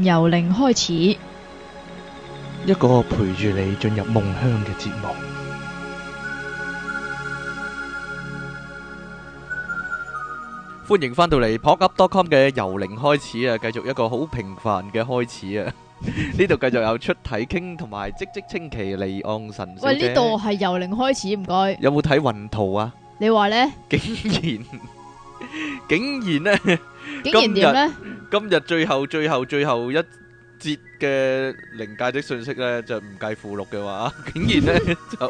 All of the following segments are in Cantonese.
由零開始，一個陪住你進入夢鄉嘅節目。歡迎翻到嚟 pocket.com 嘅由零開始啊！繼續一個好平凡嘅開始啊！呢度繼續有出體傾同埋積積清奇離岸神。喂，呢度係由零開始，唔該。有冇睇雲圖啊？你話呢？竟然。竟然咧，今日今日最後最後最後一節嘅靈界的訊息咧，就唔計附錄嘅話，竟然咧 就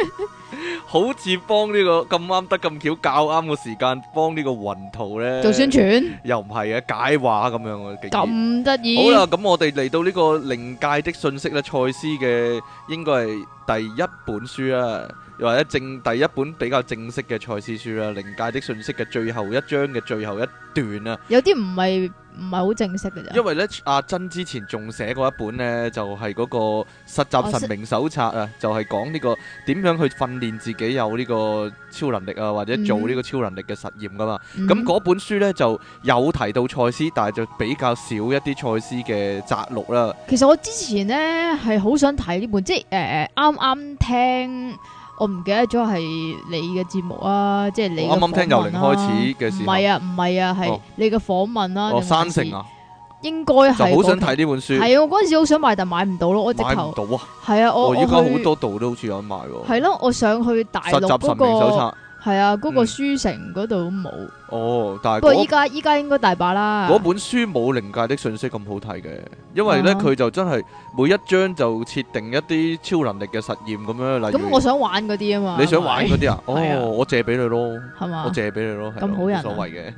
好似幫、這個、呢個咁啱得咁巧，較啱個時間幫呢個雲圖咧做宣傳，又唔係啊解話咁樣啊，竟然幾得意，好啦，咁我哋嚟到呢個靈界的訊息咧，賽斯嘅應該係第一本書啊。又或者正第一本比較正式嘅《賽斯書》啦，《靈界的訊息》嘅最後一章嘅最後一段啦，有啲唔係唔係好正式嘅啫。因為咧，阿珍之前仲寫過一本呢，就係、是、嗰個《實習神明手冊》啊，啊就係講呢個點樣去訓練自己有呢個超能力啊，或者做呢個超能力嘅實驗噶嘛。咁嗰、嗯嗯、本書呢，就有提到賽斯，但係就比較少一啲賽斯嘅摘錄啦。其實我之前呢，係好想睇呢本，即係啱啱聽。我唔記得咗係你嘅節目啊，即係你，啊。我啱啱聽由零開始嘅事。唔係啊，唔係啊，係你嘅訪問啦，啊。哦，三成是啊，應該係。就好想睇呢本書，係啊，我嗰陣時好想買，但係買唔到咯。我直頭買唔到啊。係啊，我我依家好多度都好似有得賣喎。係咯，啊，我上去大陸，那個。實習神明手冊。係啊，嗰、那個書城嗰度冇。哦，但係依家依家應該大把啦。嗰本書冇靈界的訊息咁好睇嘅，因為咧佢、啊、就真係每一章就設定一啲超能力嘅實驗咁樣。咁、嗯、我想玩嗰啲啊嘛。你想玩嗰啲、哦、啊？哦，我借俾你咯。係嘛吧？我借俾你咯。咁好人、啊，冇所謂嘅。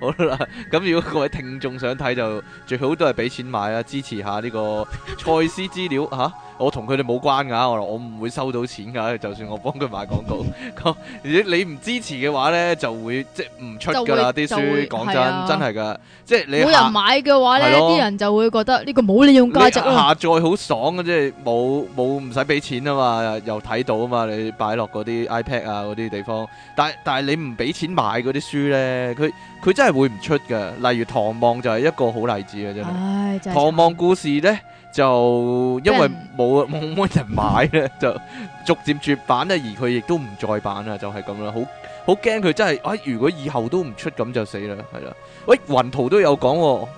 好啦，咁如果各位聽眾想睇就最好都係俾錢買啊，支持下呢個賽斯資料吓。 啊我同佢哋冇關噶，我我唔會收到錢噶，就算我幫佢買廣告。而且 你唔支持嘅話呢，就會即唔出噶啦啲書。講會真，啊、真係噶，即係你冇人買嘅話咧，啲咯人就會覺得呢個冇利用價值、啊、下載好爽嘅，即係冇冇唔使俾錢啊嘛，又睇到啊嘛，你擺落嗰啲 iPad 啊嗰啲地方。但係但係你唔俾錢買嗰啲書呢，佢佢真係會唔出噶。例如《唐望》就係一個好例子啊，真係。唉《唐望故事》呢。就因為冇冇乜人買咧， 就逐漸絕版咧，而佢亦都唔再版啊，就係咁啦，好好驚佢真係，哎，如果以後都唔出咁就死啦，係啦，喂，雲圖都有講喎。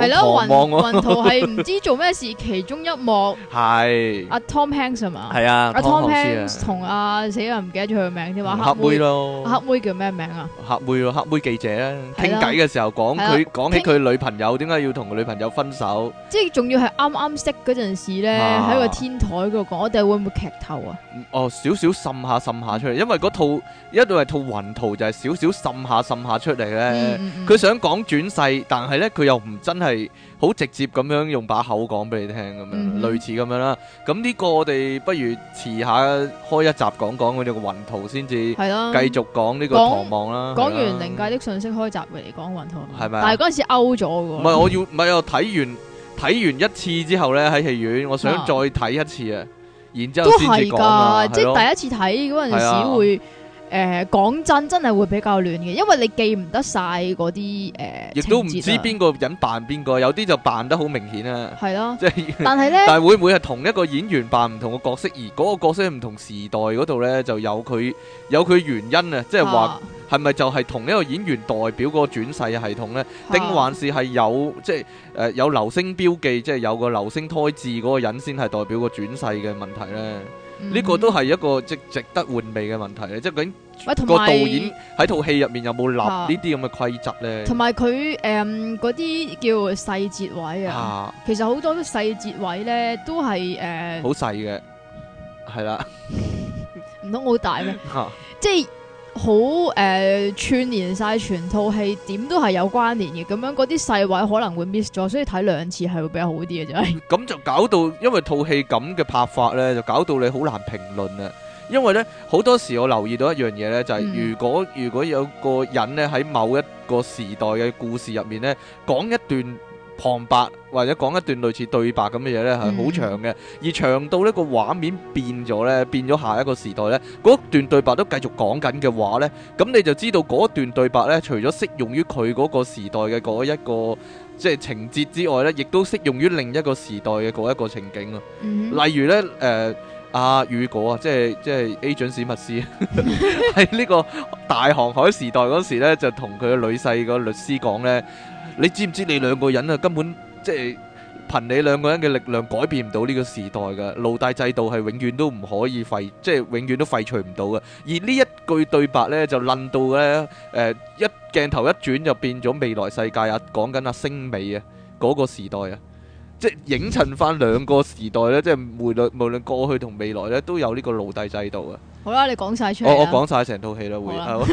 係咯，雲雲圖係唔知做咩事，其中一幕係阿 Tom Hanks 係嘛？係啊，阿 Tom Hanks 同阿死人唔記得咗佢個名添啊！黑妹咯，黑妹叫咩名啊？黑妹咯，黑妹記者啊，傾偈嘅時候講佢講起佢女朋友，點解要同佢女朋友分手？即係仲要係啱啱識嗰陣時咧，喺個天台嗰度講，我哋會唔會劇透啊？哦，少少滲下滲下出嚟，因為嗰套因為套雲圖就係少少滲下滲下出嚟咧。佢想講轉世，但係咧佢又唔真。係好直接咁樣用把口講俾你聽咁樣，類似咁樣啦。咁呢、嗯、哼個我哋不如遲下開一集講講佢哋個雲圖先至，係咯，繼續講呢個唐望啦。講完靈界的訊息開集嚟講雲圖，係咪吧？但係嗰陣時 out 咗噶。唔係我要，唔係啊！睇完睇完一次之後咧，喺戲院我想再睇一次啊，然之後都係噶，的即係第一次睇嗰陣時會。誒、呃、講真，真係會比較亂嘅，因為你記唔得晒嗰啲誒，亦、呃、都唔知邊個人扮邊個，呃、有啲就扮得好明顯啊！係咯、啊，即係、就是、但係咧，但係會唔會係同一個演員扮唔同嘅角色而嗰個角色唔同時代嗰度咧，就有佢有佢原因啊！即係話係咪就係、是、同一個演員代表嗰個轉世系統咧？啊、定還是係有即係誒有流星標記，即、就、係、是、有個流星胎痣嗰個人先係代表個轉世嘅問題咧？呢、嗯、哼個都係一個即值得玩味嘅問題即係、就是、究竟。個導演喺套戲入面有冇立呢啲咁嘅規則咧？同埋佢誒、嗰、嗯、啲叫細節位啊。其實好多啲細節位咧，都係誒，好細嘅，係啦，唔通好大咩？啊、即係好誒，串聯晒全套戲，點都係有關聯嘅。咁樣嗰啲細位可能會 miss 咗，所以睇兩次係會比較好啲嘅就係。咁就搞到，因為套戲咁嘅拍法咧，就搞到你好難評論啊。因為咧，好多時我留意到一樣嘢咧，就係、是、如果如果有個人咧喺某一個時代嘅故事入面咧，講一段旁白或者講一段類似對白咁嘅嘢咧，係好長嘅，嗯、而長到呢個畫面變咗咧，變咗下一個時代咧，嗰、那個、段對白都繼續講緊嘅話咧，咁你就知道嗰段對白咧，除咗適用於佢嗰個時代嘅嗰一個即係、就是、情節之外咧，亦都適用於另一個時代嘅嗰一個情景咯。嗯、例如咧，誒、呃。阿、啊、雨果啊，即係即係 Agent 史密斯喺呢 個大航海時代嗰時咧，就同佢嘅女婿、個律師講呢，你知唔知你兩個人啊，根本即係憑你兩個人嘅力量改變唔到呢個時代嘅，奴隸制度係永遠都唔可以廢，即係永遠都廢除唔到嘅。而呢一句對白呢，就論到呢誒、呃、一鏡頭一轉就變咗未來世界啊，講緊啊星美啊嗰、那個時代啊。即係影襯翻兩個時代咧，即係無論無論過去同未來咧，都有呢個奴隸制度啊。好啦，你講晒出嚟、哦。我我講晒成套戲啦，回頭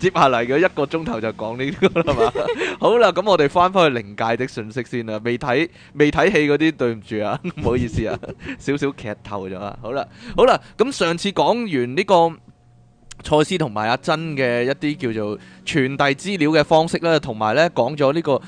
接下嚟嘅一個鐘頭就講呢個啦嘛。好啦，咁 我哋翻翻去靈界的訊息先啦。未睇未睇戲嗰啲，對唔住啊，唔好意思啊，少少劇透咗啊。好啦，好啦，咁上次講完呢、這個。賽斯同埋阿珍嘅一啲叫做傳遞資料嘅方式啦，同埋咧講咗呢、這個誒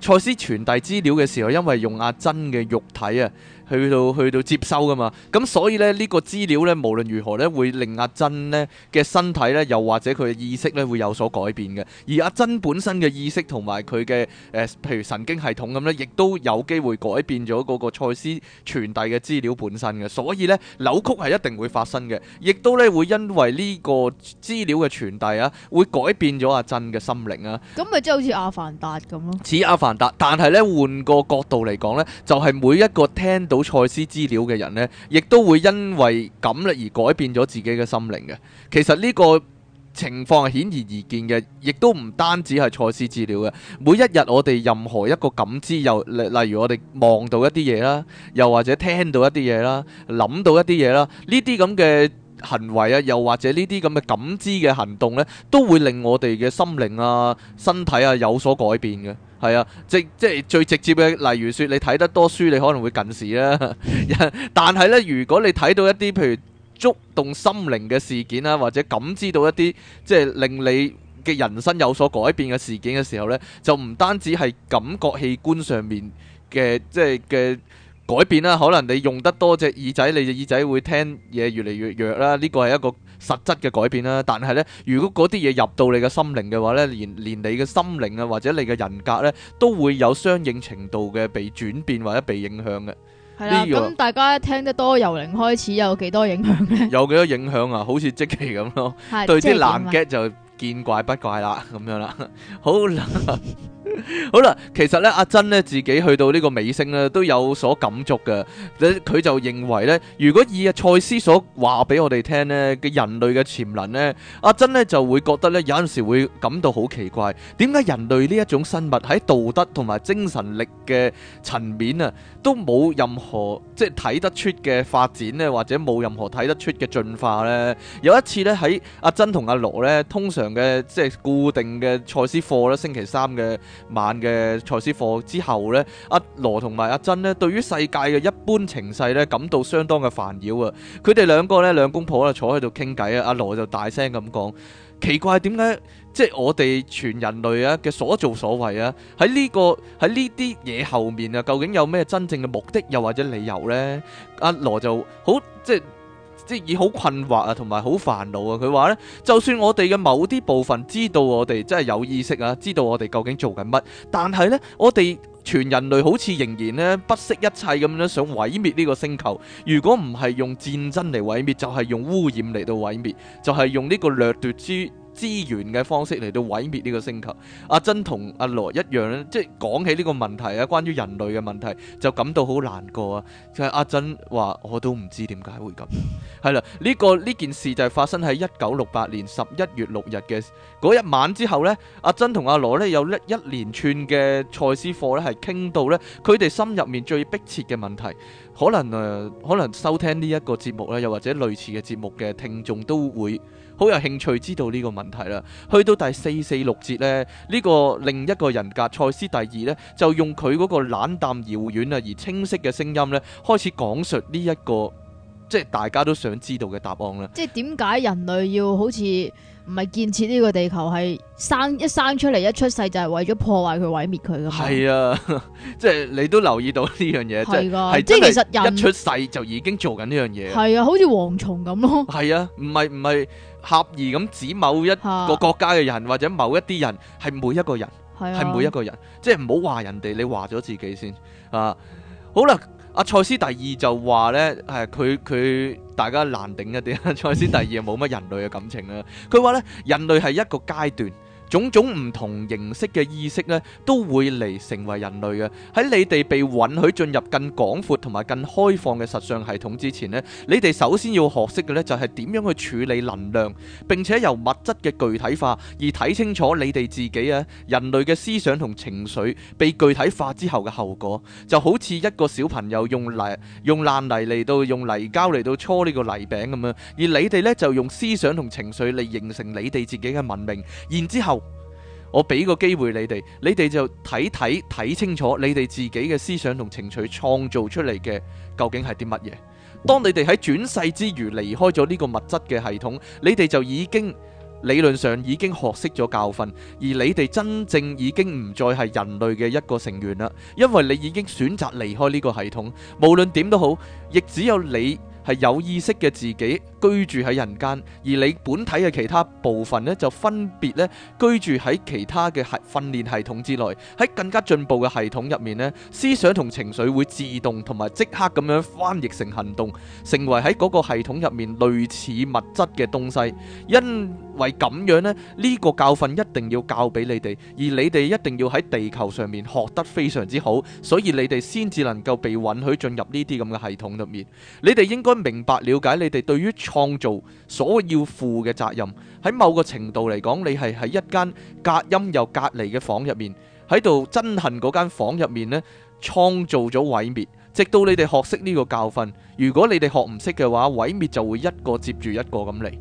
賽斯傳遞資料嘅時候，因為用阿珍嘅肉體啊。去到去到接收噶嘛，咁所以咧呢個資料咧，無論如何咧，會令阿珍咧嘅身體咧，又或者佢嘅意識咧，會有所改變嘅。而阿珍本身嘅意識同埋佢嘅誒譬如神經系統咁咧，亦都有機會改變咗個賽斯傳遞嘅資料本身嘅。所以咧，扭曲係一定會發生嘅，亦都咧會因為呢個資料嘅傳遞啊，會改變咗阿珍嘅心靈啊。咁咪即係好似阿凡達咁咯。似阿凡達，但係咧換個角度嚟講咧，就係每一個聽到賽斯資料嘅人呢，亦都會因為咁而改變咗自己嘅心靈嘅。其實呢個情況係顯而易見嘅，亦都唔單止係賽斯資料嘅。每一日我哋任何一個感知，又例例如我哋望到一啲嘢啦，又或者聽到一啲嘢啦，諗到一啲嘢啦，呢啲咁嘅行為啊，又或者呢啲咁嘅感知嘅行動呢，都會令我哋嘅心靈啊、身體啊有所改變嘅。係啊，即即係最直接嘅，例如說你睇得多書，你可能會近視啦。 但係呢，如果你睇到一啲譬如觸動心靈嘅事件啊，或者感知到一啲即係令你嘅人生有所改變嘅事件嘅時候呢，就唔單止係感覺器官上面嘅，即係嘅。改變啦，可能你用得多隻耳仔，你隻耳仔會聽嘢越嚟越弱啦。呢個係一個實質嘅改變啦。但係呢，如果嗰啲嘢入到你嘅心靈嘅話呢，連連你嘅心靈啊，或者你嘅人格呢，都會有相應程度嘅被轉變或者被影響嘅。咁啦、這個、大家聽得多《由零開始》有幾多影響咧？有幾多影響啊？好似積琦咁咯， 是對啲爛 g 就見怪不怪啦，咁樣啦，好啦。 好啦，其實咧，阿珍咧自己去到個呢個尾聲咧，都有所感觸嘅。佢，呃、就認為呢，如果以阿賽斯所話俾我哋聽呢嘅人類嘅潛能呢，阿珍呢就會覺得呢，有陣時會感到好奇怪，點解人類呢一種生物喺道德同埋精神力嘅層面啊，都冇任何即係睇得出嘅發展呢，或者冇任何睇得出嘅進化呢？有一次呢，喺阿珍同阿羅呢，通常嘅即係固定嘅賽斯課啦，星期三嘅。晚嘅賽斯課之後咧，阿羅同埋阿珍咧對於世界嘅一般情勢咧感到相當嘅煩擾啊！佢哋兩個咧，兩公婆啦，坐喺度傾偈啊！阿羅就大聲咁講：奇怪，點解即係我哋全人類啊嘅所做所為啊，喺呢個喺呢啲嘢後面啊，究竟有咩真正嘅目的，又或者理由咧？阿羅就好即係，就是即係好困惑啊，同埋好煩惱啊。佢話呢，就算我哋嘅某啲部分知道我哋真係有意識啊，知道我哋究竟做緊乜，但係呢，我哋全人類好似仍然呢，不惜一切咁樣想毀滅呢個星球。如果唔係用戰爭嚟毀滅，就係用污染嚟到毀滅，就係用呢個掠奪之資源嘅方式嚟到毀滅呢個星球。阿珍同阿羅一樣咧，即係講起呢個問題啊，關於人類嘅問題就感到好難過啊。就係阿珍話：我都唔知點解會咁。係啦，呢個呢件事就係發生喺一九六八年十一月六日嘅嗰一晚之後咧。阿珍同阿羅咧有一一連串嘅賽斯課咧，係傾到咧佢哋心入面最迫切嘅問題。可能誒，可能收聽呢一個節目咧，又或者類似嘅節目嘅聽眾都會。好有興趣知道呢個問題啦。去到第四四六節呢，呢、呢個另一個人格賽斯第二呢，就用佢嗰個冷淡遙遠啊而清晰嘅聲音呢，開始講述呢、呢、一個即係大家都想知道嘅答案啦。即係點解人類要好似唔係建設呢個地球，係生一生出嚟一出世就係為咗破壞佢毀滅佢噶？係是啊， 即係你都留意到呢樣嘢，啊、即係其實一出世就已經做緊呢樣嘢。係啊，好似蝗蟲咁咯。係啊，唔係唔係。刻意咁指某一個國家嘅人或者某一啲人，係每一個人係 每一個人，即係唔好話人哋，你話咗自己先啊！好啦，阿、啊、賽斯第二就話咧，係佢佢，大家難頂一啲啊！賽斯第二啊，冇乜人類嘅感情啦，佢話咧人類係一個階段。種種唔同形式嘅意識呢，都會嚟成為人類嘅。喺你哋被允許進入更廣闊同埋更開放嘅實相系統之前呢，你哋首先要學識嘅呢就係點樣去處理能量，並且由物質嘅具體化而睇清楚你哋自己啊，人類嘅思想同情緒被具體化之後嘅後果，就好似一個小朋友用泥用爛泥嚟到用泥膠嚟到搓呢個泥餅咁樣，而你哋呢就用思想同情緒嚟形成你哋自己嘅文明，然之後。我俾個機會你哋，你哋就睇睇睇清楚你哋自己嘅思想同情緒創造出嚟嘅究竟係啲乜嘢。當你哋喺轉世之馀離開咗呢個物質嘅系統，你哋就已經理論上已經學識咗教訓，而你哋真正已經唔再係人類嘅一個成員啦。因為你已經選擇離開呢個系統，無論點都好，亦只有你係有意識嘅自己，居住喺人間，而你本體嘅其他部分呢，就分別咧居住喺其他嘅係訓練系統之內，喺更加進步嘅系統入面咧，思想同情緒會自動同埋即刻咁樣翻譯成行動，成為喺嗰個系統入面類似物質嘅東西。因為咁樣呢，呢個教訓一定要教俾你哋，而你哋一定要喺地球上面學得非常之好，所以你哋先至能夠被允許進入呢啲咁嘅系統入面。你哋應該明白了解，你哋對於。創造所要負嘅責任，喺某個程度嚟講，你係喺一間隔音又隔離嘅房入面，喺度憎恨嗰間房入面咧，創造咗毀滅。直到你哋學識呢個教訓，如果你哋學唔識嘅話，毀滅就會一個接住一個噉嚟。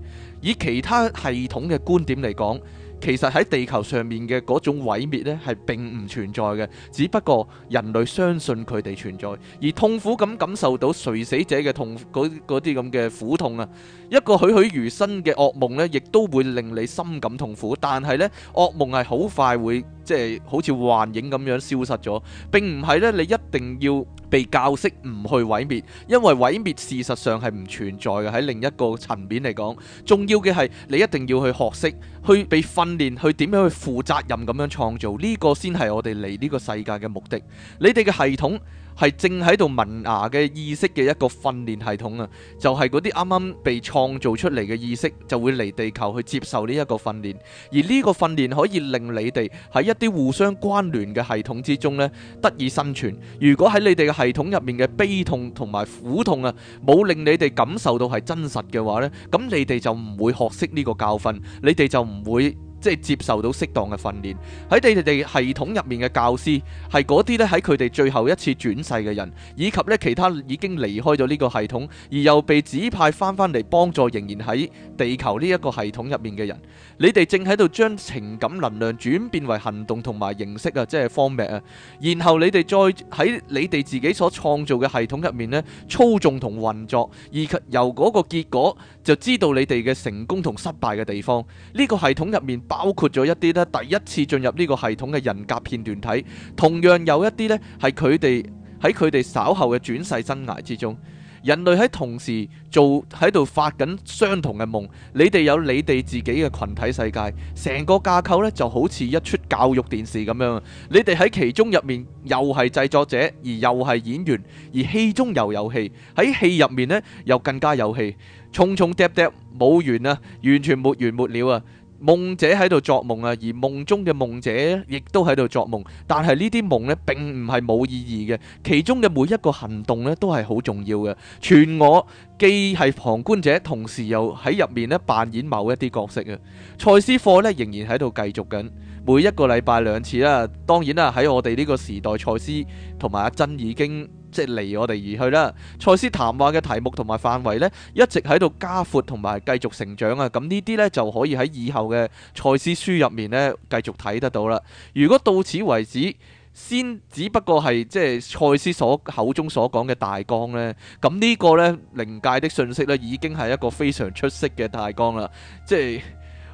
以其他系統嘅觀點嚟講。其實喺地球上面嘅嗰種毀滅咧，係並唔存在嘅。只不過人類相信佢哋存在，而痛苦咁感受到垂死者嘅痛，嗰嗰啲咁嘅苦痛啊，一個栩栩如生嘅噩夢呢，亦都會令你深感痛苦。但係呢，噩夢係好快會即係、就是、好似幻影咁樣消失咗，並唔係呢，你一定要。被教識唔去毀滅，因為毀滅事實上係唔存在嘅。喺另一個層面嚟講，重要嘅係你一定要去學識，去被訓練，去點樣去負責任咁樣創造，呢個先係我哋嚟呢個世界嘅目的。你哋嘅系統，係正喺度萌芽嘅意識嘅一個訓練系統啊，就係嗰啲啱啱被創造出嚟嘅意識就會嚟地球去接受呢一個訓練，而呢個訓練可以令你哋喺一啲互相關聯嘅系統之中呢得以生存。如果喺你哋嘅系統入面嘅悲痛同埋苦痛啊，冇令你哋感受到係真實嘅話呢，咁你哋就唔會學識呢個教訓，你哋就唔會。即係接受到適當嘅訓練，喺你哋哋系統入面嘅教師係嗰啲咧喺佢哋最後一次轉世嘅人，以及咧其他已經離開咗呢個系統而又被指派翻翻嚟幫助仍然喺地球呢一個系統入面嘅人。你哋正喺度將情感能量轉變為行動同埋形式啊，即係 form 啊。然後你哋再喺你哋自己所創造嘅系統入面咧操縱同運作，以及由嗰個結果。就知道你哋嘅成功同失敗嘅地方。呢個系統入面包括咗一啲咧，第一次進入呢個系統嘅人格片段體，同樣有一啲咧係佢哋喺佢哋稍後嘅轉世生涯之中，人類喺同時做喺度發緊相同嘅夢。你哋有你哋自己嘅群體世界，成個架構咧就好似一出教育電視咁樣。你哋喺其中入面又係製作者，而又係演員，而戲中又有戲，喺戲入面咧又更加有戲。重重疊疊，冇完啊！完全沒完沒了啊！夢者喺度做夢啊，而夢中嘅夢者亦都喺度做夢。但係呢啲夢呢，並唔係冇意義嘅，其中嘅每一個行動呢，都係好重要嘅。全我既係旁觀者，同時又喺入面呢扮演某一啲角色啊！賽斯課呢仍然喺度繼續緊，每一個禮拜兩次啦。當然啦，喺我哋呢個時代，賽斯同埋阿珍已經。即係離我哋而去啦。賽斯談話嘅題目同埋範圍呢，一直喺度加闊同埋繼續成長啊。咁呢啲呢，就可以喺以後嘅賽斯書入面呢，繼續睇得到啦。如果到此為止，先只不過係即係賽斯所口中所講嘅大綱呢。咁呢個呢，靈界的訊息呢，已經係一個非常出色嘅大綱啦。即係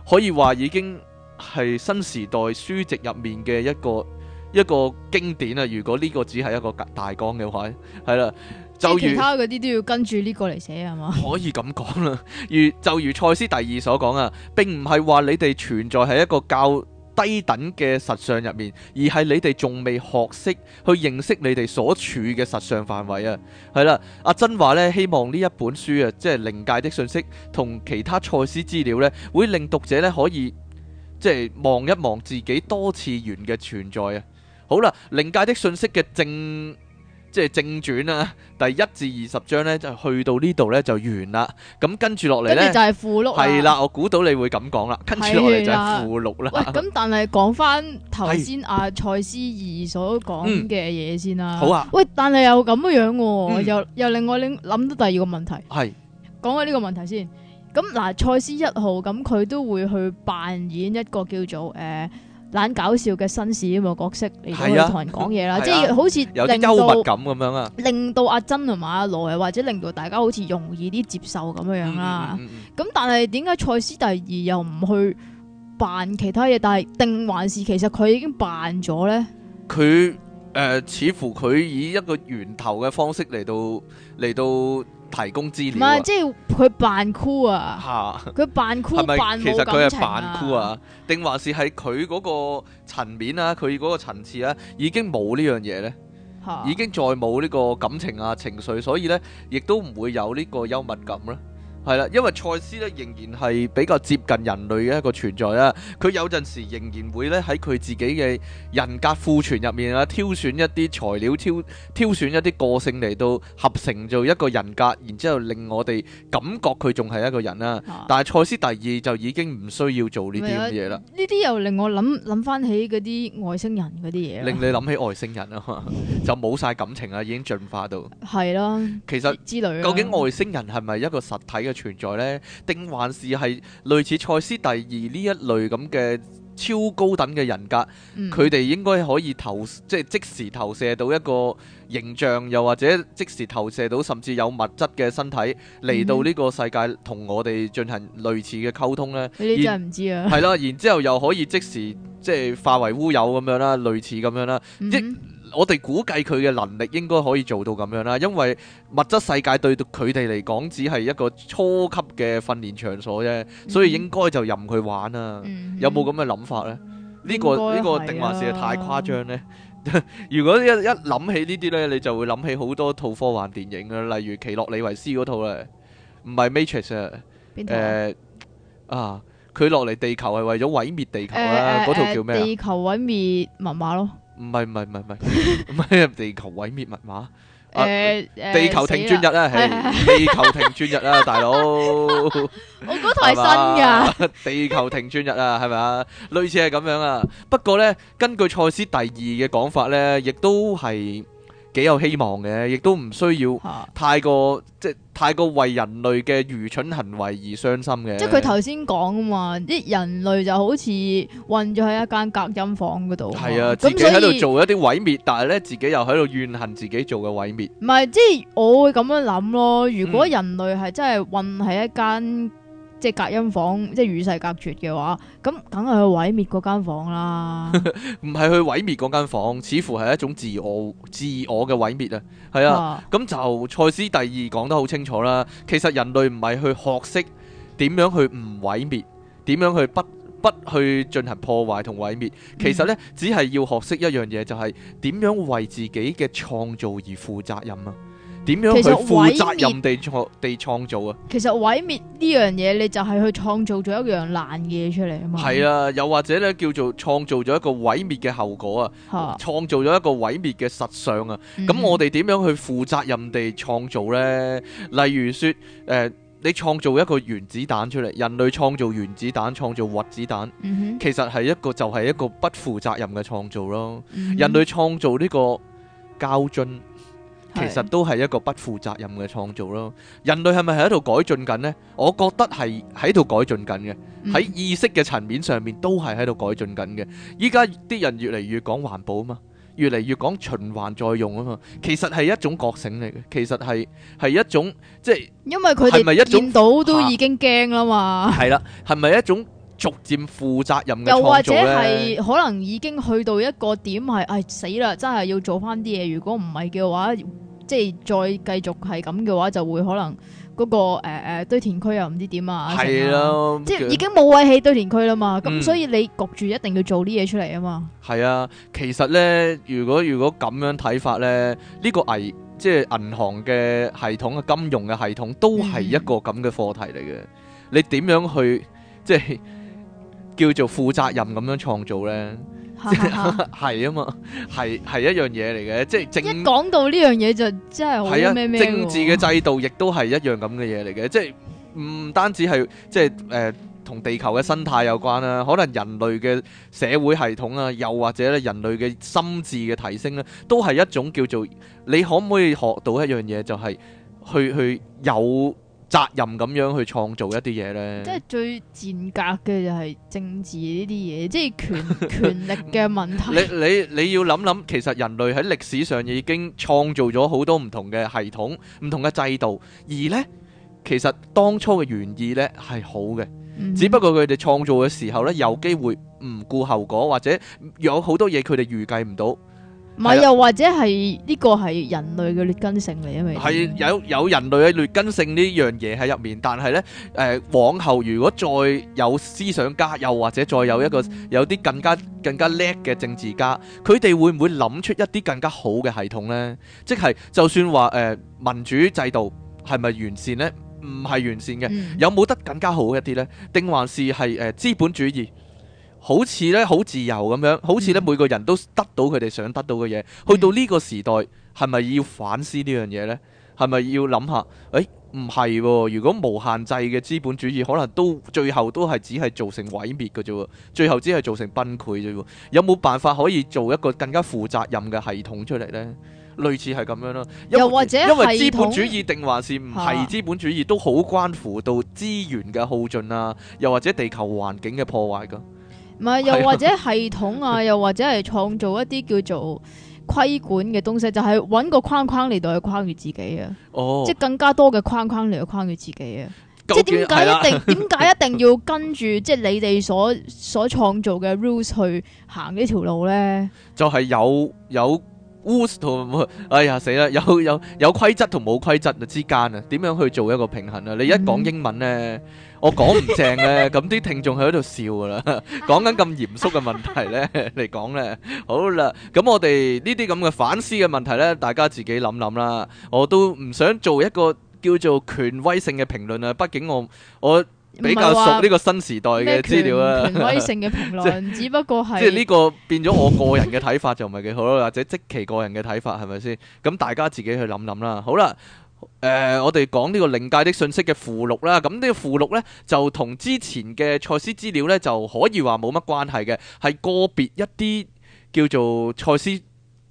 可以話已經係新時代書籍入面嘅一個。一個經典啊！如果呢個只係一個大綱嘅話，係啦，就其他嗰啲都要跟住呢個嚟寫，係嘛？可以咁講啦，如就如賽斯第二所講啊，並唔係話你哋存在喺一個較低等嘅實相入面，而係你哋仲未學識去認識你哋所處嘅實相範圍啊。係啦，阿珍話呢，希望呢一本書啊，即係靈界的訊息同其他賽斯資料呢，會令讀者呢可以即係望一望自己多次元嘅存在啊。好啦，靈界的訊息嘅正即係正傳啊，第一至二十章咧就去到呢度咧就完啦。咁跟住落嚟咧，就係附錄。係啦，我估到你會咁講啦。跟住落嚟就係附錄啦。喂，咁但係講翻頭先阿賽斯怡所講嘅嘢先啦、嗯。好啊。喂，但係又咁嘅樣喎、啊，嗯、又又令我諗諗到第二個問題。係是，講下呢個問題先。咁嗱、呃，賽斯一號咁佢都會去扮演一個叫做誒。呃懶搞笑嘅紳士咁嘅角色嚟、啊、到同人講嘢啦，即係好似有啲幽默感咁樣啊，令到阿珍同埋阿羅啊，或者令到大家好似容易啲接受咁樣啦、啊。咁、嗯嗯、但係點解賽斯第二又唔去扮其他嘢，但係定還是其實佢已經扮咗咧？佢誒、呃、似乎佢以一個源頭嘅方式嚟到嚟到。提供資料唔、啊、係即係佢扮酷啊，佢、啊、扮酷扮冇感情啊！定、啊、還是係佢嗰個層面啊，佢嗰個層次啊，已經冇呢樣嘢咧，啊、已經再冇呢個感情啊情緒，所以咧亦都唔會有呢個幽默感啦。係啦，因為賽斯咧仍然係比較接近人類嘅一個存在啦。佢有陣時仍然會咧喺佢自己嘅人格庫存入面啊，挑選一啲材料挑挑選一啲個性嚟到合成做一個人格，然之後令我哋感覺佢仲係一個人啦。啊、但係賽斯第二就已經唔需要做呢啲嘢啦。呢啲、啊、又令我諗諗翻起嗰啲外星人嗰啲嘢。令你諗起外星人啊嘛， 就冇晒感情啊已經進化到。係咯的，其實之類究竟外星人係咪一個實體嘅？存在呢定還是係類似賽斯第二呢一類咁嘅超高等嘅人格，佢哋、嗯、應該可以投，即、就、係、是、即時投射到一個形象，又或者即時投射到甚至有物質嘅身體嚟到呢個世界，同我哋進行類似嘅溝通呢，你真係唔知啊！係咯後， 然之後又可以即時即係、就是、化為烏有咁樣啦，類似咁樣啦。嗯哼我哋估計佢嘅能力應該可以做到咁樣啦，因為物質世界對佢哋嚟講只係一個初級嘅訓練場所啫，嗯、哼所以應該就任佢玩啦。有冇咁嘅諗法咧？呢個呢個定話係太誇張呢？ 如果一一諗起呢啲呢，你就會諗起好多套科幻電影啦，例如《奇洛里維斯》嗰套咧，唔係《Matrix》啊。邊套啊？佢落嚟地球係為咗毀滅地球啦。嗰、呃呃、套叫咩地球毀滅，麻麻咯。唔係唔係唔係唔係，唔係 地球毀滅密碼，誒地球停轉日啊，係地球停轉日啊，大佬。我嗰台新噶。地球停轉日啊，係咪 啊？類似係咁樣啊。不過咧，根據賽斯第二嘅講法咧，亦都係幾有希望嘅，亦都唔需要太過即係。太過為人類嘅愚蠢行為而傷心嘅。即係佢頭先講啊嘛，即人類就好似困咗喺一間隔音房嗰度。係啊，自己喺度做一啲毀滅，所以，但係咧自己又喺度怨恨自己做嘅毀滅。唔係，即係我會咁樣諗咯。如果人類係真係困喺一間，嗯。即隔音房，即係與世隔絕嘅話，咁梗係去毀滅嗰間房啦。唔係 去毀滅嗰間房，似乎係一種自我、自我嘅毀滅啊。係啊，咁就賽斯第二講得好清楚啦。其實人類唔係去學識點樣去唔毀滅，點樣去不樣去不，不去進行破壞同毀滅。其實呢，嗯、只係要學識一樣嘢，就係、是、點樣為自己嘅創造而負責任啊。點樣去負責任地創地創造啊？其實毀滅呢樣嘢，你就係去創造咗一樣爛嘢出嚟啊嘛。係啊，又或者咧叫做創造咗一個毀滅嘅後果啊，創造咗一個毀滅嘅實相啊。咁我哋點樣去負責任地創造呢？嗯、哼例如說，誒、呃，你創造一個原子彈出嚟，人類創造原子彈，創造核子彈，嗯、哼其實係一個就係一個不負責任嘅創造咯。嗯、哼人類創造呢個膠樽。其實都係一個不負責任嘅創造咯。人類係咪喺度改進緊呢？我覺得係喺度改進緊嘅，喺意識嘅層面上面都係喺度改進緊嘅。依家啲人越嚟越講環保啊嘛，越嚟越講循環再用啊嘛，其實係一種覺醒嚟嘅，其實係係一種即係，因為佢哋係一種見到都已經驚啦嘛？係啦，係咪一種？逐漸負責任嘅又或者係可能已經去到一個點，係、哎、唉死啦！真係要做翻啲嘢，如果唔係嘅話，即係再繼續係咁嘅話，就會可能嗰、那個誒誒、呃、堆填區又唔知點啊，係咯的，啊、即係已經冇位起堆填區啦嘛，咁、嗯、所以你焗住一定要做啲嘢出嚟啊嘛。係啊，其實咧，如果如果咁樣睇法咧，呢、這個危即係銀行嘅系統、嘅金融嘅系統都係一個咁嘅課題嚟嘅。嗯、你點樣去即係？叫做負責任咁樣創造呢，係啊 嘛係係， 係係一樣嘢嚟嘅，即係一講到呢樣嘢就真係好咩。政治嘅制度亦都係一樣咁嘅嘢嚟嘅，即係唔單止係即係誒同地球嘅生態有關啦、啊，可能人類嘅社會系統啊，又或者咧人類嘅心智嘅提升咧、啊，都係一種叫做你可唔可以學到一樣嘢，就係去去有。責任咁樣去創造一啲嘢呢，即係最賤格嘅就係政治呢啲嘢，即係權權力嘅問題 你。你你要諗諗，其實人類喺歷史上已經創造咗好多唔同嘅系統、唔同嘅制度，而呢，其實當初嘅原意呢係好嘅，mm hmm. 只不過佢哋創造嘅時候呢，有機會唔顧後果，或者有好多嘢佢哋預計唔到。唔係，又或者係呢個係人類嘅劣根性嚟啊？因為係有有人類嘅劣根性呢樣嘢喺入面，但係呢，誒，往後如果再有思想家，又或者再有一個有啲更加更加叻嘅政治家，佢哋會唔會諗出一啲更加好嘅系統呢？即係就算話誒，民主制度係咪完善呢？唔係完善嘅，有冇得更加好一啲呢？定還是係誒資本主義？好似咧好自由咁樣，好似咧每個人都得到佢哋想得到嘅嘢。去、嗯、到呢個時代，係咪要反思呢樣嘢呢？係咪要諗下？誒、哎，唔係，如果無限制嘅資本主義，可能都最後都係只係造成毀滅嘅啫，最後只係造成崩潰啫。有冇辦法可以做一個更加負責任嘅系統出嚟呢？類似係咁樣咯。又或者，因為資本主義定還是唔係資本主義，啊、都好關乎到資源嘅耗盡啊，又或者地球環境嘅破壞噶。唔係，又或者系統啊，又或者係創造一啲叫做規管嘅東西， 就係揾個框框嚟，到去框住自己啊！哦，即係更加多嘅框框嚟框住自己啊！竟即係點解一定點解 一定要跟住即係你哋所 所創造嘅 rules 去行條路呢條路咧？就係有有 rules 同，哎呀死啦，有有有規則同冇規則之間啊，點樣去做一個平衡啊？你一講英文咧？嗯我講唔正咧，咁啲聽眾喺度笑噶啦，講緊咁嚴肅嘅問題咧嚟講咧，好啦，咁我哋呢啲咁嘅反思嘅問題咧，大家自己諗諗啦。我都唔想做一個叫做權威性嘅評論啦，畢竟我我比較熟呢個新時代嘅資料呀。權威性嘅評論，只不過係即係呢個變咗我個人嘅睇法就唔係幾好啦，或者即其個人嘅睇法係咪先？咁大家自己去諗諗啦。好啦。誒、呃，我哋講呢個靈界的信息嘅附錄啦，咁呢個附錄呢，就同之前嘅賽斯資料呢，就可以話冇乜關係嘅，係個別一啲叫做賽斯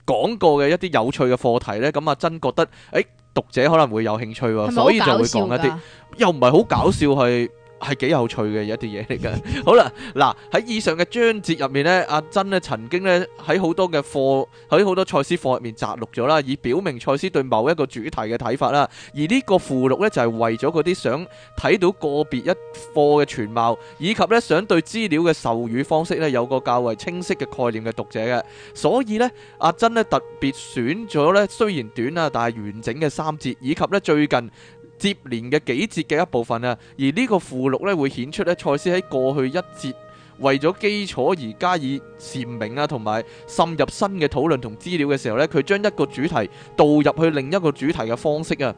講過嘅一啲有趣嘅課題呢。咁啊，真覺得誒、欸、讀者可能會有興趣喎，是是所以就會講一啲又唔係好搞笑係。 係幾有趣嘅一啲嘢嚟嘅。好啦，嗱喺以上嘅章節入面呢，阿珍呢曾經呢喺好多嘅課，喺好多賽斯課入面摘錄咗啦，以表明賽斯對某一個主題嘅睇法啦。而呢個附錄呢，就係為咗嗰啲想睇到個別一課嘅全貌，以及呢想對資料嘅授予方式呢，有個較為清晰嘅概念嘅讀者嘅。所以呢，阿珍呢特別選咗呢，雖然短啊，但係完整嘅三節，以及呢最近。接連嘅幾節嘅一部分啊，而呢個附錄咧會顯出咧賽斯喺過去一節為咗基礎而加以闡明啊，同埋滲入新嘅討論同資料嘅時候咧，佢將一個主題導入去另一個主題嘅方式啊。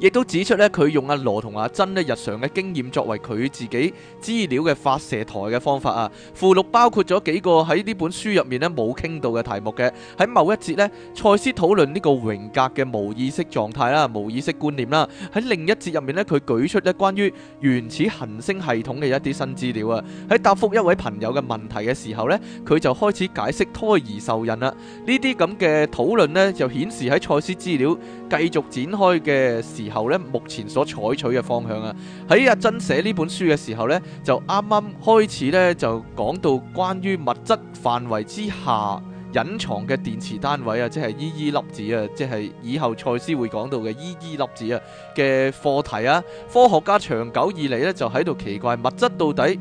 亦都指出咧，佢用阿羅同阿珍咧日常嘅經驗作為佢自己資料嘅發射台嘅方法啊。附錄包括咗幾個喺呢本書入面咧冇傾到嘅題目嘅。喺某一節咧，賽斯討論呢個榮格嘅無意識狀態啦、無意識觀念啦。喺另一節入面咧，佢舉出一關於原始行星系統嘅一啲新資料啊。喺答復一位朋友嘅問題嘅時候咧，佢就開始解釋胎兒受孕啦。呢啲咁嘅討論咧，就顯示喺賽斯資料繼續展開嘅時。後咧，目前所採取嘅方向啊，喺阿珍寫呢本書嘅時候咧，就啱啱開始咧，就講到關於物質範圍之下隱藏嘅電磁單位啊，即係依依粒子啊，即係以後賽斯會講到嘅依依粒子啊嘅課題啊，科學家長久以嚟咧就喺度奇怪物質到底，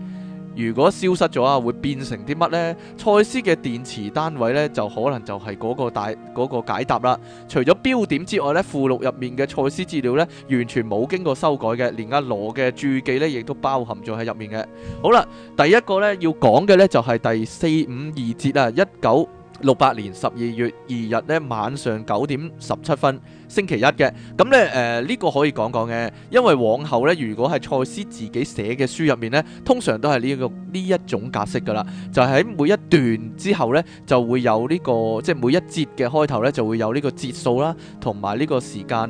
如果消失咗啊，會變成啲乜呢？賽斯嘅電池單位呢，就可能就係嗰個大嗰個解答啦。除咗標點之外呢，附錄入面嘅賽斯資料呢，完全冇經過修改嘅，連阿羅嘅注記呢，亦都包含咗喺入面嘅。好啦，第一個呢，要講嘅呢，就係第四五二節啊，一九六八年十二月二日呢，晚上九點十七分。星期一嘅，咁咧誒呢、呃呢個可以講講嘅，因為往後呢，如果係賽斯自己寫嘅書入面呢，通常都係呢一呢一種格式噶啦，就喺係每一段之後呢，就會有呢個即係每一節嘅開頭呢，就會有呢個節數啦，同埋呢個時間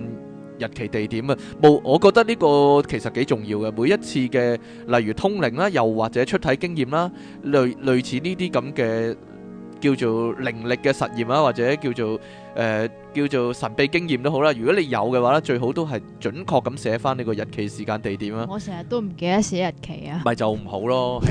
日期地點啊，冇我覺得呢個其實幾重要嘅，每一次嘅例如通靈啦，又或者出體經驗啦，類類似呢啲咁嘅。叫做靈力嘅實驗啊，或者叫做誒，叫做神秘經驗都好啦。如果你有嘅話咧，最好都係準確咁寫翻呢個日期、時間、地點啊。我成日都唔記得寫日期啊，咪就唔好咯，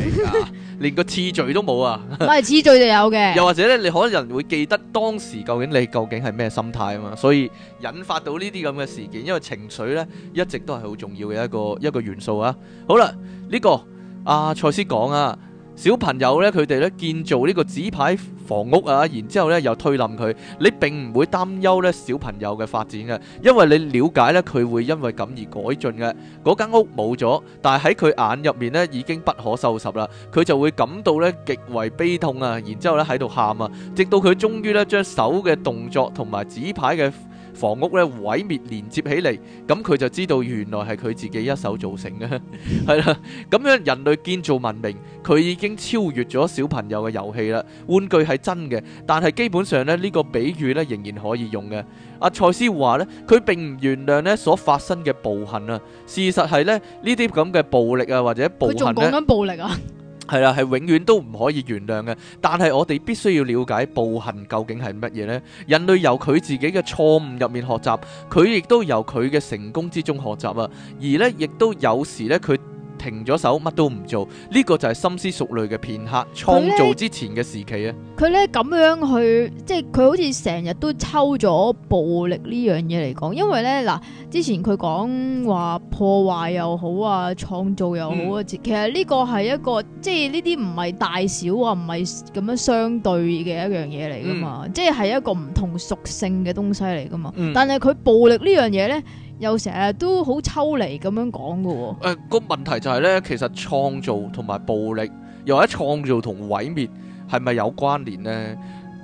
連個次序都冇啊。咪次序就有嘅。又或者咧，你可能會記得當時究竟你究竟係咩心態啊嘛，所以引發到呢啲咁嘅事件，因為情緒咧一直都係好重要嘅一個一個元素啊。好啦，呢個阿賽斯講啊。小朋友咧，佢哋咧建造呢個紙牌房屋啊，然之後咧又推冧佢，你並唔會擔憂咧小朋友嘅發展嘅，因為你了解咧佢會因為咁而改進嘅。嗰間屋冇咗，但係喺佢眼入面咧已經不可收拾啦，佢就會感到咧極為悲痛啊，然之後咧喺度喊啊，直到佢終於咧將手嘅動作同埋紙牌嘅房屋咧毀滅連接起嚟，咁佢就知道原來係佢自己一手造成嘅，係 啦。咁樣人類建造文明，佢已經超越咗小朋友嘅遊戲啦。玩具係真嘅，但係基本上咧呢個比喻咧仍然可以用嘅。阿賽斯話咧，佢並唔原諒咧所發生嘅暴行啊。事實係咧呢啲咁嘅暴力啊，或者暴行咧。佢仲講緊暴力啊！係啦，係永遠都唔可以原諒嘅。但係我哋必須要了解暴行究竟係乜嘢呢？人類由佢自己嘅錯誤入面學習，佢亦都由佢嘅成功之中學習啊。而呢，亦都有時呢，佢，停咗手，乜都唔做，呢、這個就係深思熟慮嘅片刻，創造之前嘅時期啊！佢咧咁樣去，即係佢好似成日都抽咗暴力呢樣嘢嚟講，因為咧嗱，之前佢講話破壞又好啊，創造又好啊，嗯、其實呢個係一個即係呢啲唔係大小啊，唔係咁樣相對嘅一樣嘢嚟噶嘛，嗯、即係係一個唔同屬性嘅東西嚟噶嘛，但係佢暴力呢樣嘢咧。又成日都好抽離咁樣講嘅，誒、呃那個問題就係呢，其實創造同埋暴力，又或者創造同毀滅係咪有關聯呢？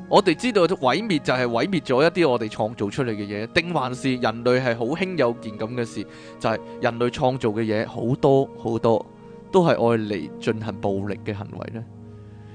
我哋知道毀滅就係毀滅咗一啲我哋創造出嚟嘅嘢，定還是人類係好興有件咁嘅事，就係、是、人類創造嘅嘢好多好多都係愛嚟進行暴力嘅行為呢。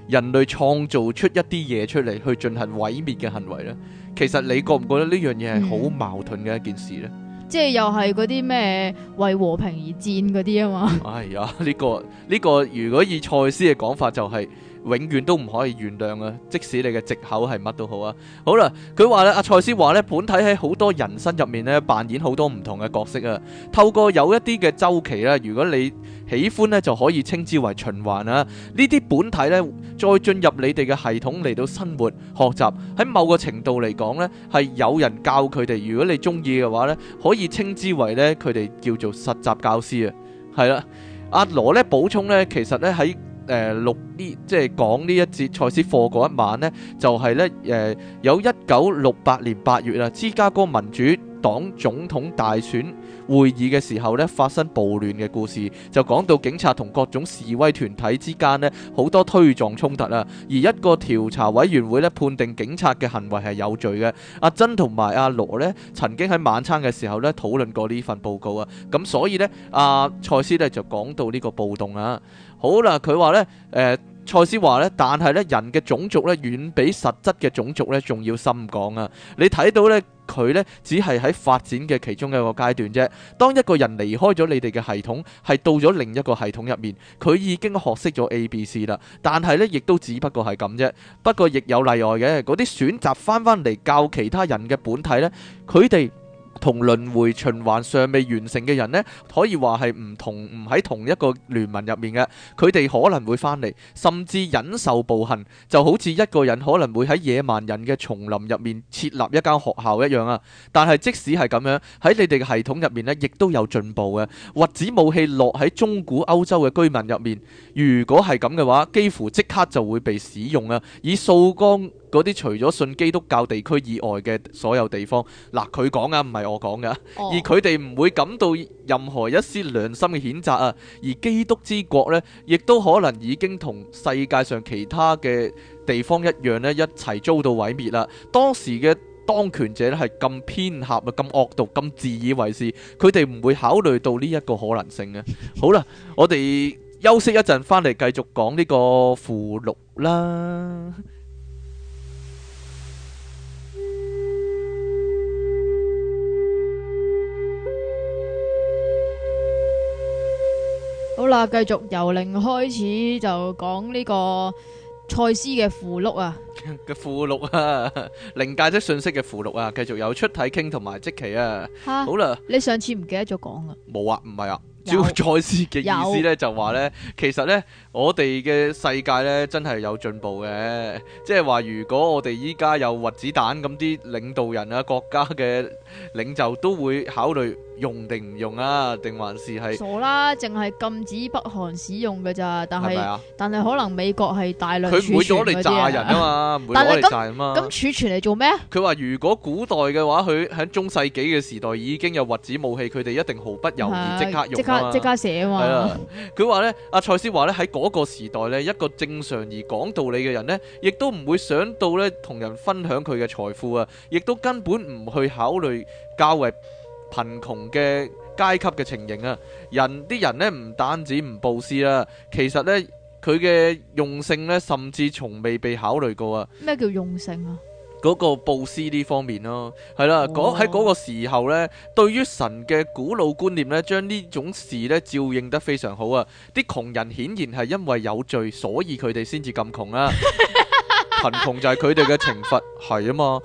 人類創造出一啲嘢出嚟去進行毀滅嘅行為呢，其實你覺唔覺得呢樣嘢係好矛盾嘅一件事呢？嗯即係又係嗰啲咩為和平而戰嗰啲啊嘛！哎呀，呢、這個呢、這個如果以賽斯嘅講法就係、是。永遠都唔可以原諒啊！即使你嘅藉口係乜都好啊！好啦，佢話咧，阿賽斯話咧，本體喺好多人生入面咧，扮演好多唔同嘅角色啊。透過有一啲嘅周期啦，如果你喜歡咧，就可以稱之為循環啊。呢啲本體咧，再進入你哋嘅系統嚟到生活學習。喺某個程度嚟講咧，係有人教佢哋。如果你中意嘅話咧，可以稱之為咧，佢哋叫做實習教師啊。係啦，阿羅咧補充咧，其實咧喺。誒、呃、錄呢即係講呢一節賽斯課嗰一晚咧，就係咧誒有一九六八年八月啊，芝加哥民主。黨總統大選會議嘅時候咧，發生暴亂嘅故事，就講到警察同各種示威團體之間咧，好多推撞衝突啦。而一個調查委員會咧，判定警察嘅行為係有罪嘅。阿珍同埋阿羅咧，曾經喺晚餐嘅時候咧，討論過呢份報告啊。咁所以咧，阿賽斯咧就講到呢個暴動啊。好啦，佢話咧，誒。賽斯話咧，但係咧人嘅種族咧遠比實質嘅種族咧仲要深講啊！你睇到咧佢咧只係喺發展嘅其中一個階段啫。當一個人離開咗你哋嘅系統，係到咗另一個系統入面，佢已經學識咗 A、B、C 啦。但係咧，亦都只不過係咁啫。不過亦有例外嘅，嗰啲選擇翻翻嚟教其他人嘅本體咧，佢哋。同輪迴循環尚未完成嘅人呢，可以話係唔同唔喺同一個聯盟入面嘅，佢哋可能會翻嚟，甚至忍受暴行，就好似一個人可能會喺野蠻人嘅叢林入面設立一間學校一樣啊！但係即使係咁樣，喺你哋嘅系統入面呢，亦都有進步嘅核子武器落喺中古歐洲嘅居民入面，如果係咁嘅話，幾乎即刻就會被使用啊！以掃光。嗰啲除咗信基督教地區以外嘅所有地方，嗱，佢講啊，唔係我講噶，Oh. 而佢哋唔會感到任何一絲良心嘅譴責啊，而基督之國咧，亦都可能已經同世界上其他嘅地方一樣咧，一齊遭到毀滅啦。當時嘅當權者係咁偏狹啊，咁惡毒，咁自以為是，佢哋唔會考慮到呢一個可能性嘅。 好啦，我哋休息一陣翻嚟繼續講呢個附錄啦。好啦，繼續由零開始就講呢個賽斯嘅附錄啊，嘅附錄啊，靈界嘅信息嘅附錄啊，繼續有出體傾同埋即期啊，哈好啦，你上次唔記得咗講啊，冇啊，唔係啊，主要賽斯嘅意思咧有就話咧，其實咧。我哋嘅世界咧真係有進步嘅，即係話，如果我哋依家有核子彈咁啲領導人啊、國家嘅領袖都會考慮用定唔用啊？定還是係傻啦，淨係禁止北韓使用嘅咋？但係、啊、但係可能美國係大量佢唔、啊、會存嗰炸人啊嘛，唔會攞嚟炸人啊嘛。咁儲存嚟做咩？佢話，如果古代嘅話，佢喺中世紀嘅時代已經有核子武器，佢哋一定毫不猶豫即刻用，即刻即刻寫啊嘛。佢話咧，阿賽斯話咧喺嗰嗰個時代咧，一個正常而講道理嘅人呢，亦都唔會想到呢，同人分享佢嘅財富啊，亦都根本唔去考慮較為貧窮嘅階級嘅情形啊。人啲人呢，唔單止唔佈施啦，其實呢，佢嘅用性呢，甚至從未被考慮過啊。咩叫用性啊？嗰個布施呢方面咯，係啦，嗰喺嗰個時候呢，對於神嘅古老觀念呢，將呢種事呢照應得非常好啊！啲窮人顯然係因為有罪，所以佢哋先至咁窮啊！貧窮就係佢哋嘅懲罰係啊嘛！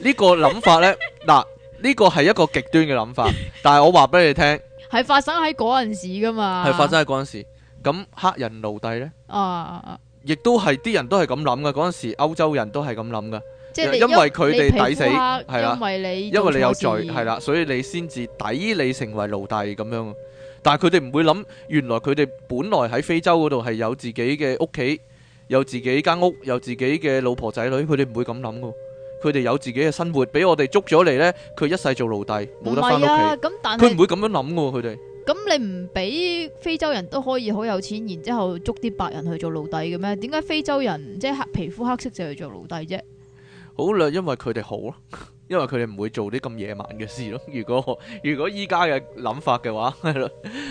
呢個諗法呢，嗱，呢個係一個極端嘅諗法，但係我話俾你聽，係發生喺嗰陣時噶嘛，係發生喺嗰陣時。咁黑人奴隸呢，啊，亦都係啲人都係咁諗噶，嗰陣時歐洲人都係咁諗噶。因為佢哋抵死、啊、因為你有罪係啦、嗯啊，所以你先至抵你成為奴隸咁樣。但係佢哋唔會諗，原來佢哋本來喺非洲嗰度係有自己嘅屋企，有自己間屋，有自己嘅老婆仔女。佢哋唔會咁諗嘅，佢哋有自己嘅生活。俾我哋捉咗嚟呢，佢一世做奴隸，冇得翻屋企。佢唔、啊、會咁樣諗嘅，佢哋咁你唔俾非洲人都可以好有錢，然之後捉啲白人去做奴隸嘅咩？點解非洲人即係、就是、皮膚黑色就去做奴隸啫？好啦，因為佢哋好咯，因為佢哋唔會做啲咁野蠻嘅事咯。如果如果依家嘅諗法嘅話，係咯。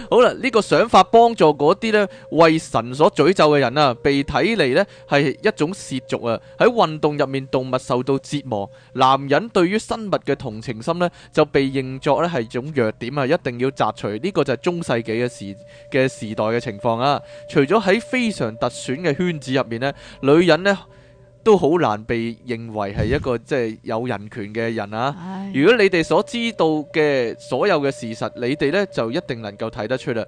好啦，呢個想法幫助嗰啲咧為神所詛咒嘅人啊，被睇嚟咧係一種褻瀆啊！喺運動入面，動物受到折磨，男人對於生物嘅同情心咧就被認作咧係一種弱點啊，一定要摘除。呢個就係中世紀嘅時嘅時代嘅情況啊。除咗喺非常特選嘅圈子入面咧，女人咧，都好難被認為係一個即係有人權嘅人啊！如果你哋所知道嘅所有嘅事實，你哋咧就一定能夠睇得出啦。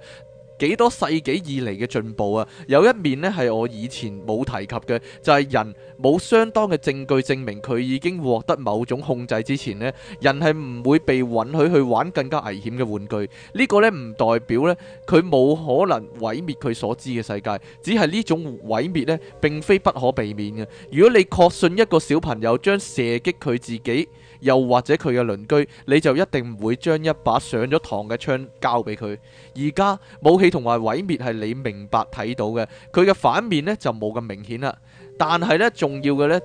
幾多世紀以嚟嘅進步啊，有一面呢係我以前冇提及嘅，就係人冇相當嘅證據證明佢已經獲得某種控制之前呢，人係唔會被允許去玩更加危險嘅玩具。呢個呢唔代表呢佢冇可能毀滅佢所知嘅世界，只係呢種毀滅呢並非不可避免嘅。如果你確信一個小朋友將射擊佢自己。又或者佢嘅鄰居，你就一定唔會將一把上咗膛嘅槍交俾佢。而家武器同埋毀滅係你明白睇到嘅，佢嘅反面呢就冇咁明顯啦。但係呢，重要嘅呢，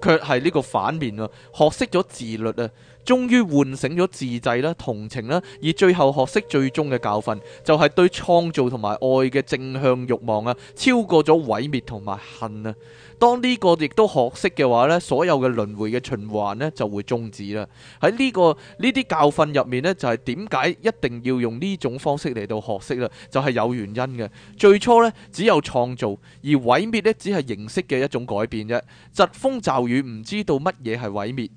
卻係呢個反面啊，學識咗自律啊。終於喚醒咗自制啦、同情啦，而最後學識最終嘅教訓就係對創造同埋愛嘅正向慾望啊，超過咗毀滅同埋恨啊。當呢個亦都學識嘅話呢，所有嘅輪迴嘅循環咧就會終止啦。喺呢、這個呢啲教訓入面呢，就係點解一定要用呢種方式嚟到學識啦？就係、是、有原因嘅。最初呢，只有創造，而毀滅呢，只係形式嘅一種改變啫。疾風驟雨唔知道乜嘢係毀滅。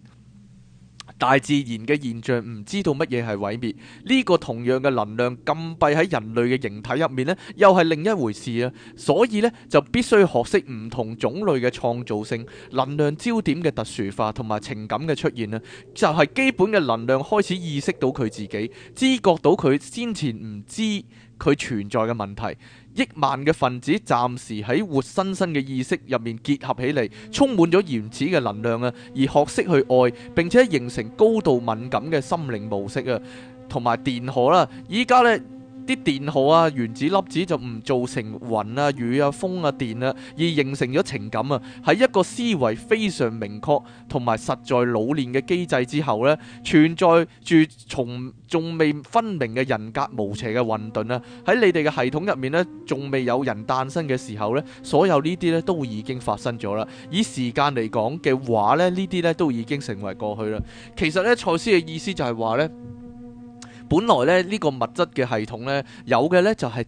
大自然嘅現象唔知道乜嘢係毀滅，呢、這個同樣嘅能量禁閉喺人類嘅形體入面，呢又係另一回事啊！所以呢，就必須學識唔同種類嘅創造性能量、焦點嘅特殊化同埋情感嘅出現啊！就係、是、基本嘅能量開始意識到佢自己，知覺到佢先前唔知佢存在嘅問題。億萬嘅分子暫時喺活生生嘅意識入面結合起嚟，充滿咗原始嘅能量啊，而學識去愛，並且形成高度敏感嘅心靈模式啊，同埋電荷啦，依家呢。啲電荷啊、原子粒子就唔造成雲啊、雨啊、風啊、電啊，而形成咗情感啊。喺一個思維非常明確同埋實在老練嘅機制之後呢，存在住從仲未分明嘅人格無邪嘅混沌啊。喺你哋嘅系統入面呢，仲未有人誕生嘅時候呢，所有呢啲呢都已經發生咗啦。以時間嚟講嘅話呢，呢啲呢都已經成為過去啦。其實呢，賽斯嘅意思就係話呢。本來咧，呢個物質嘅系統呢，有嘅呢就係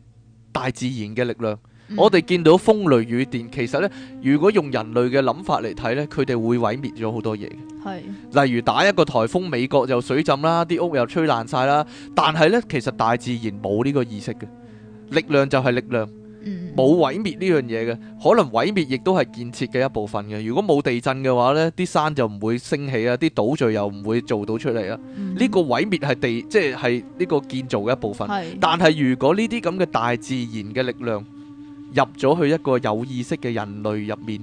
大自然嘅力量。嗯、我哋見到風雷雨電，其實呢，如果用人類嘅諗法嚟睇呢，佢哋會毀滅咗好多嘢嘅。是例如打一個颱風，美國又水浸啦，啲屋又吹爛晒啦。但係呢，其實大自然冇呢個意識嘅，力量就係力量。冇毀滅呢樣嘢嘅，可能毀滅亦都係建設嘅一部分嘅。如果冇地震嘅話呢，啲山就唔會升起啊，啲島嶼又唔會做到出嚟啊。呢個毀滅係地，即係呢個建造嘅一部分。但係如果呢啲咁嘅大自然嘅力量入咗去一個有意識嘅人類入面，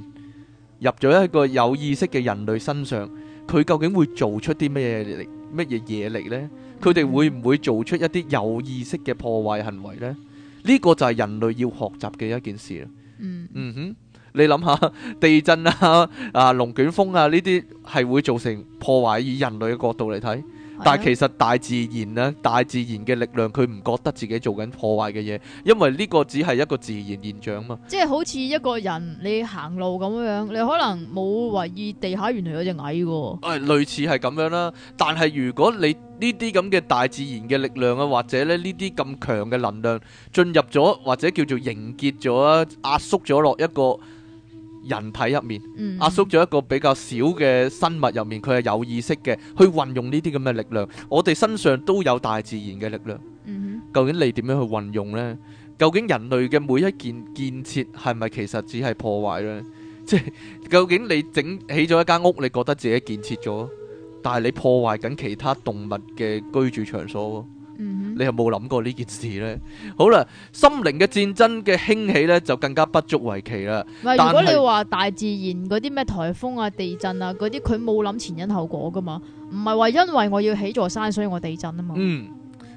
入咗一個有意識嘅人類身上，佢究竟會做出啲咩嘢力，咩嘢嘢嚟呢？佢哋會唔會做出一啲有意識嘅破壞行為呢？呢個就係人類要學習嘅一件事啦。嗯，嗯哼，你諗下地震啊、啊龍捲風啊呢啲係會造成破壞，以人類嘅角度嚟睇。但其實大自然咧，大自然嘅力量佢唔覺得自己做緊破壞嘅嘢，因為呢個只係一個自然現象嘛。即係好似一個人你行路咁樣，你可能冇為意地下原來有隻蟻。誒，類似係咁樣啦。但係如果你呢啲咁嘅大自然嘅力量啊，或者咧呢啲咁強嘅能量進入咗，或者叫做凝結咗、壓縮咗落一個。人體入面壓縮咗一個比較小嘅生物入面，佢係有意識嘅去運用呢啲咁嘅力量。我哋身上都有大自然嘅力量，mm hmm. 究竟你點樣去運用呢？究竟人類嘅每一件建設係咪其實只係破壞呢？即係，究竟你整起咗一間屋，你覺得自己建設咗，但係你破壞緊其他動物嘅居住場所。嗯、你有冇諗過呢件事呢？好啦，心靈嘅戰爭嘅興起呢，就更加不足為奇啦。是如果你話大自然嗰啲咩台風啊、地震啊嗰啲，佢冇諗前因後果噶嘛，唔係話因為我要起座山，所以我地震啊嘛。嗯，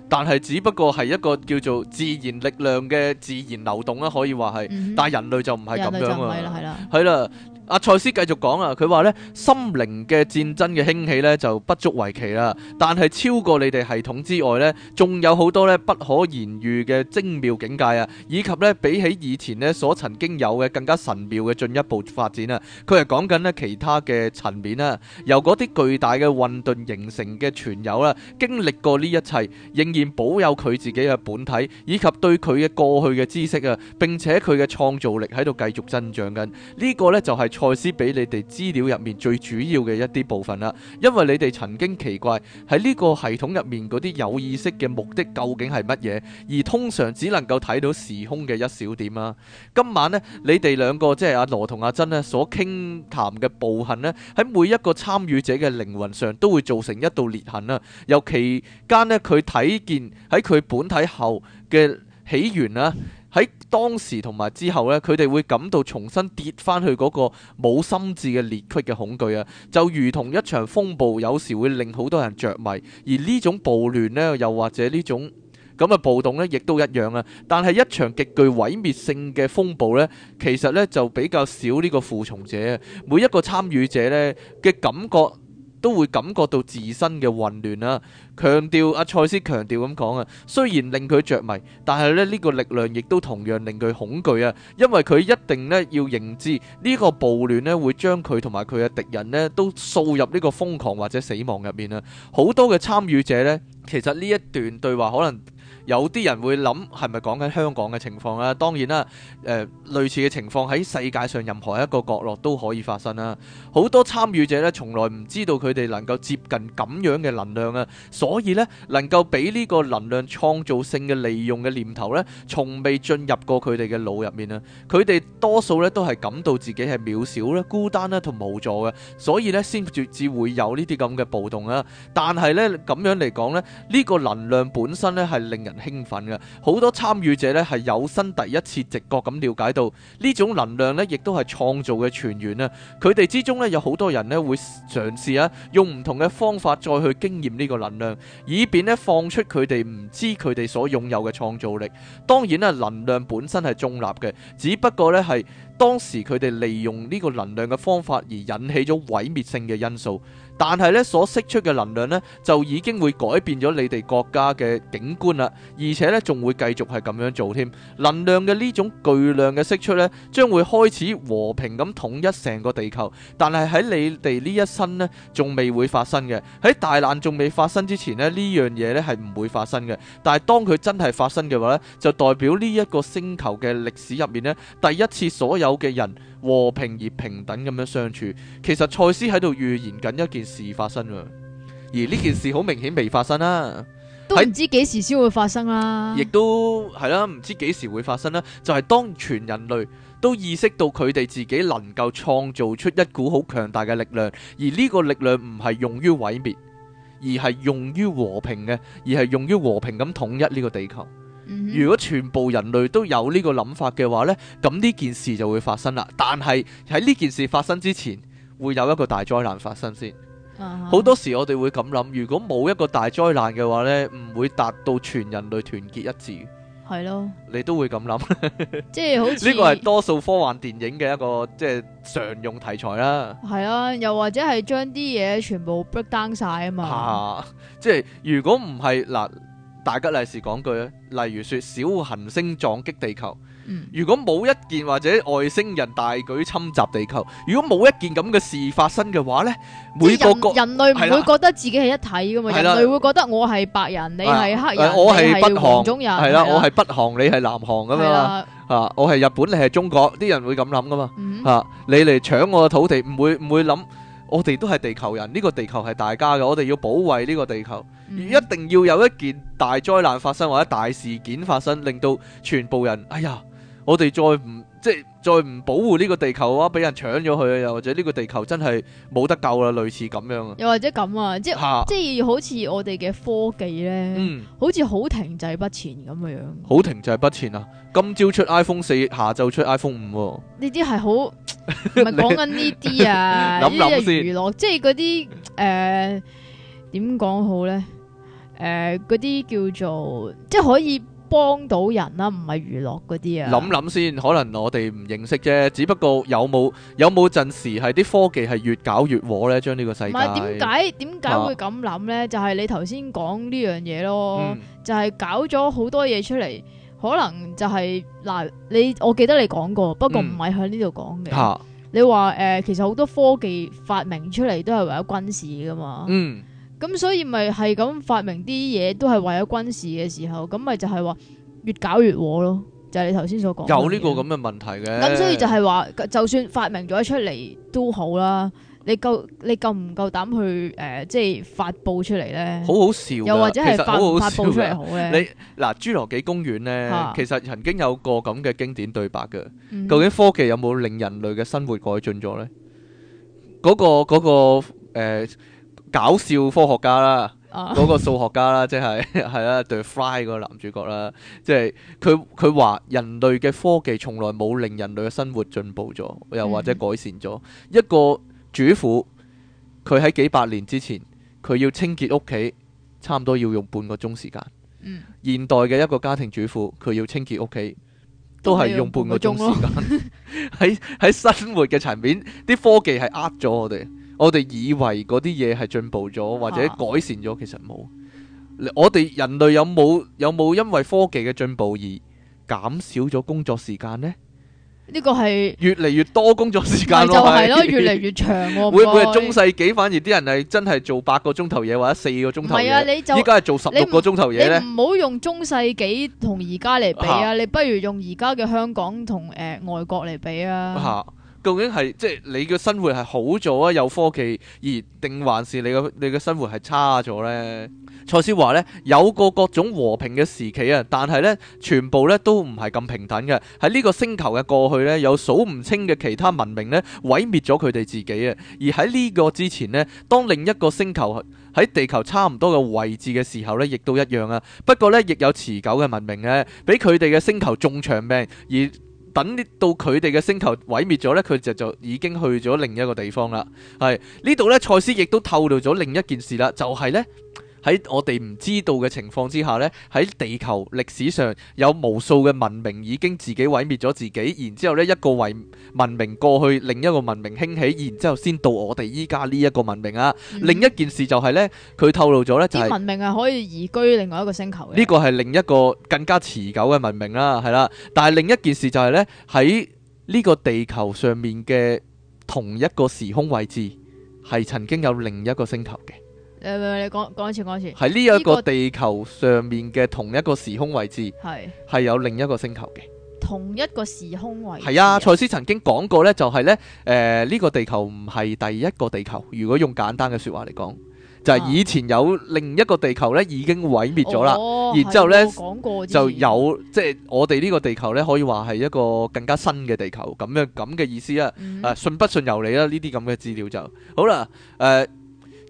但係只不過係一個叫做自然力量嘅自然流動啦、啊，可以話係，嗯、哼但係人類就唔係咁樣係啦。阿賽斯繼續講啊，佢話呢，心靈嘅戰爭嘅興起呢就不足為奇啦，但係超過你哋系統之外呢，仲有好多呢不可言喻嘅精妙境界啊，以及呢比起以前呢所曾經有嘅更加神妙嘅進一步發展啊。佢係講緊呢其他嘅層面啊，由嗰啲巨大嘅混沌形成嘅存有啦，經歷過呢一切，仍然保有佢自己嘅本體，以及對佢嘅過去嘅知識啊，並且佢嘅創造力喺度繼續增長緊。呢個呢就係。賽斯俾你哋資料入面最主要嘅一啲部分啦，因為你哋曾經奇怪喺呢個系統入面嗰啲有意識嘅目的究竟係乜嘢，而通常只能夠睇到時空嘅一小點啦。今晚咧，你哋兩個即係阿羅同阿珍咧所傾談嘅暴行咧，喺每一個參與者嘅靈魂上都會造成一道裂痕啦。由期間咧，佢睇見喺佢本體後嘅起源啦。喺當時同埋之後呢佢哋會感到重新跌翻去嗰個冇心智嘅裂隙嘅恐懼啊，就如同一場風暴，有時會令好多人着迷。而呢種暴亂呢，又或者呢種咁嘅暴動呢，亦都一樣啊。但係一場極具毀滅性嘅風暴呢，其實呢就比較少呢個附從者每一個參與者呢嘅感覺。都會感覺到自身嘅混亂啊。強調阿賽、啊、斯強調咁講啊，雖然令佢着迷，但係咧呢、呢個力量亦都同樣令佢恐懼啊，因為佢一定呢要認知呢個暴亂呢會將佢同埋佢嘅敵人呢都掃入呢個瘋狂或者死亡入面啊。好多嘅參與者呢，其實呢一段對話可能。有啲人會諗係咪講緊香港嘅情況啊？當然啦，誒類似嘅情況喺世界上任何一個角落都可以發生啦。好多參與者咧，從來唔知道佢哋能夠接近咁樣嘅能量啊，所以咧能夠俾呢個能量創造性嘅利用嘅念頭咧，從未進入過佢哋嘅腦入面啊。佢哋多數咧都係感到自己係渺小啦、孤單啦同無助嘅，所以咧先至只會有呢啲咁嘅暴動啊。但係咧咁樣嚟講咧，呢個能量本身咧係令人，興奮嘅，好多參與者咧係有生第一次直覺咁了解到呢種能量咧，亦都係創造嘅泉源啦。佢哋之中咧有好多人咧會嘗試啊，用唔同嘅方法再去經驗呢個能量，以便咧放出佢哋唔知佢哋所擁有嘅創造力。當然咧，能量本身係中立嘅，只不過咧係當時佢哋利用呢個能量嘅方法而引起咗毀滅性嘅因素。但係咧，所釋出嘅能量呢，就已經會改變咗你哋國家嘅景觀啦，而且呢，仲會繼續係咁樣做添。能量嘅呢種巨量嘅釋出呢，將會開始和平咁統一成個地球。但係喺你哋呢一生呢，仲未會發生嘅。喺大難仲未發生之前呢，呢樣嘢呢係唔會發生嘅。但係當佢真係發生嘅話呢，就代表呢一個星球嘅歷史入面呢，第一次所有嘅人和平而平等咁樣相處。其實賽斯喺度預言緊一件事發生，而呢件事好明顯未發生啦、啊，都唔知幾時先會發生啦、啊。亦都係啦，唔、啊、知幾時會發生啦、啊。就係、是、當全人類都意識到佢哋自己能夠創造出一股好強大嘅力量，而呢個力量唔係用於毀滅，而係用於和平嘅，而係用於和平咁統一呢個地球。嗯哼。如果全部人類都有呢個諗法嘅話呢，咁呢件事就會發生啦。但係喺呢件事發生之前，會有一個大災難發生先。好、uh huh. 多時我哋會咁諗，如果冇一個大災難嘅話呢，唔會達到全人類團結一致。係咯的，你都會咁諗。 即係好似呢個係多數科幻電影嘅一個即係常用題材啦。係啊，又或者係將啲嘢全部 break down 晒啊嘛。啊即係如果唔係嗱，大吉利是講句咧，例如說小行星撞擊地球。如果冇一件或者外星人大舉侵襲地球，如果冇一件咁嘅事發生嘅話呢，每個國人類唔會覺得自己係一體噶嘛，人類會覺得我係白人，你係黑人，我係北韓人，係啦，我係北韓，你係南韓噶嘛，吓我係日本，你係中國，啲人會咁諗噶嘛，吓你嚟搶我嘅土地，唔會唔會諗我哋都係地球人，呢個地球係大家嘅，我哋要保衛呢個地球，一定要有一件大災難發生或者大事件發生，令到全部人，哎呀！我哋再唔即係再唔保護呢個地球嘅話，俾人搶咗去啊！又或者呢個地球真係冇得救啦，類似咁樣啊。又或者咁啊，即係即係好似我哋嘅科技咧，嗯，好似好停滯不前咁樣。好停滯不前啊！今朝出 iPhone 四，下晝出 iPhone 五，呢啲係好唔係講緊呢啲啊？諗諗娛樂即係嗰啲誒，點、呃、講好咧？誒、呃，嗰啲叫做即係可以。幫到人啦，唔係娛樂嗰啲啊。諗諗、啊、先，可能我哋唔認識啫。只不過有冇有冇陣時係啲科技係越搞越禍咧，將呢個世界。唔係點解？點解會咁諗咧？啊、就係你頭先講呢樣嘢咯，嗯、就係搞咗好多嘢出嚟，可能就係、是、嗱，你我記得你講過，不過唔係向呢度講嘅。嗯、你話誒、呃，其實好多科技發明出嚟都係為咗軍事噶嘛。嗯。咁所以咪係咁發明啲嘢，都係為咗軍事嘅時候，咁咪就係話越搞越禍咯。就係你頭先所講，有呢個咁嘅問題嘅。咁所以就係話，就算發明咗出嚟都好啦，你夠你夠唔夠膽去誒，即係發佈出嚟咧？好好笑噶，又或者係好好發佈出嚟好咧？你嗱，侏羅紀公園咧，其實曾經有過咁嘅經典對白嘅，究竟科技有冇令人類嘅生活改進咗咧？嗰個嗰個誒。搞笑科學家啦，嗰、uh. 個數學家啦，即係係啦 對、The Fly 個男主角啦，即係佢佢話人類嘅科技從來冇令人類嘅生活進步咗，又或者改善咗、嗯、一個主婦，佢喺幾百年之前佢要清潔屋企，差唔多要用半個鐘時間。嗯、現代嘅一個家庭主婦，佢要清潔屋企都係用半個鐘時間。喺喺生活嘅層面，啲科技係呃咗我哋。我哋以為嗰啲嘢係進步咗或者改善咗，其實冇。我哋人類有冇有冇因為科技嘅進步而減少咗工作時間呢？呢個係越嚟越多工作時間咯，係咯， 越嚟越長喎。會唔會係中世紀反而啲人係真係做八個鐘頭嘢或者四個鐘頭嘢？係啊，你就依家係做十六個鐘頭嘢咧。唔好用中世紀同而家嚟比啊！啊你不如用而家嘅香港同誒、呃、外國嚟比啊。啊究竟係即係你嘅生活係好咗啊，有科技而定還是你嘅你嘅生活係差咗呢？賽斯話呢，有過各種和平嘅時期啊，但係呢，全部呢都唔係咁平等嘅。喺呢個星球嘅過去呢，有數唔清嘅其他文明呢毀滅咗佢哋自己啊。而喺呢個之前呢，當另一個星球喺地球差唔多嘅位置嘅時候呢，亦都一樣啊。不過呢，亦有持久嘅文明呢，比佢哋嘅星球仲長命而。等到佢哋嘅星球毀滅咗呢，佢就就已經去咗另一個地方啦。係呢度呢，賽斯亦都透露咗另一件事啦，就係、是、呢。喺我哋唔知道嘅情況之下呢，喺地球歷史上有無數嘅文明已經自己毀滅咗自己，然之後呢一個遺文明過去，另一個文明興起，然之後先到我哋依家呢一個文明啊。嗯、另一件事就係、是、呢，佢透露咗呢、就是，就係文明係可以移居另外一個星球嘅。呢個係另一個更加持久嘅文明啦，係啦。但係另一件事就係、是、呢，喺呢個地球上面嘅同一個時空位置，係曾經有另一個星球嘅。誒，你、嗯、講講一次，講一次。喺呢一個地球上面嘅同一個時空位置，係係、這個、有另一個星球嘅。同一個時空位置係啊，啊，賽斯曾經講過呢、就是，就係咧，誒，呢個地球唔係第一個地球。如果用簡單嘅說話嚟講，就係、是、以前有另一個地球咧，已經毀滅咗啦。然就之後咧，就有即係我哋呢個地球咧，可以話係一個更加新嘅地球咁樣咁嘅意思啊。嗯、啊，信不信由你啦。呢啲咁嘅資料就好啦。誒。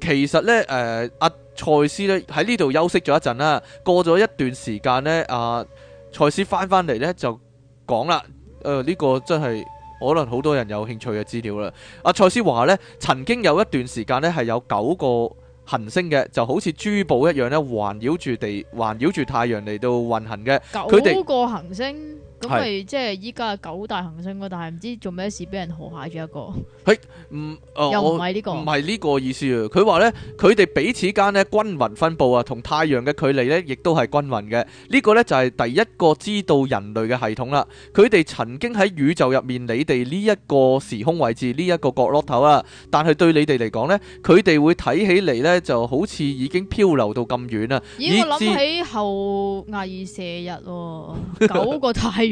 其實呢，誒阿蔡斯咧喺呢度休息咗一陣啦。過咗一段時間呢，阿、啊、賽斯翻返嚟呢就講啦。誒、呃、呢、呢個真係可能好多人有興趣嘅資料啦。阿、啊、賽斯話呢，曾經有一段時間呢係有九個行星嘅，就好似珠寶一樣呢，環繞住地環繞住太陽嚟到運行嘅。九個行星。咁咪即係依家九大行星咯，但係唔知做咩事俾人河蟹咗一個。係唔、hey, 嗯呃、又唔係呢個？唔係呢個意思啊！佢話咧，佢哋彼此間咧均匀分布啊，同太陽嘅距離咧亦都係均匀嘅。呢、這個咧就係第一個知道人類嘅系統啦。佢哋曾經喺宇宙入面，你哋呢一個時空位置呢一、這個角落頭啊，但係對你哋嚟講咧，佢哋會睇起嚟咧就好似已經漂流到咁遠啦。咦致？我諗起后羿射日、啊、九個太陽。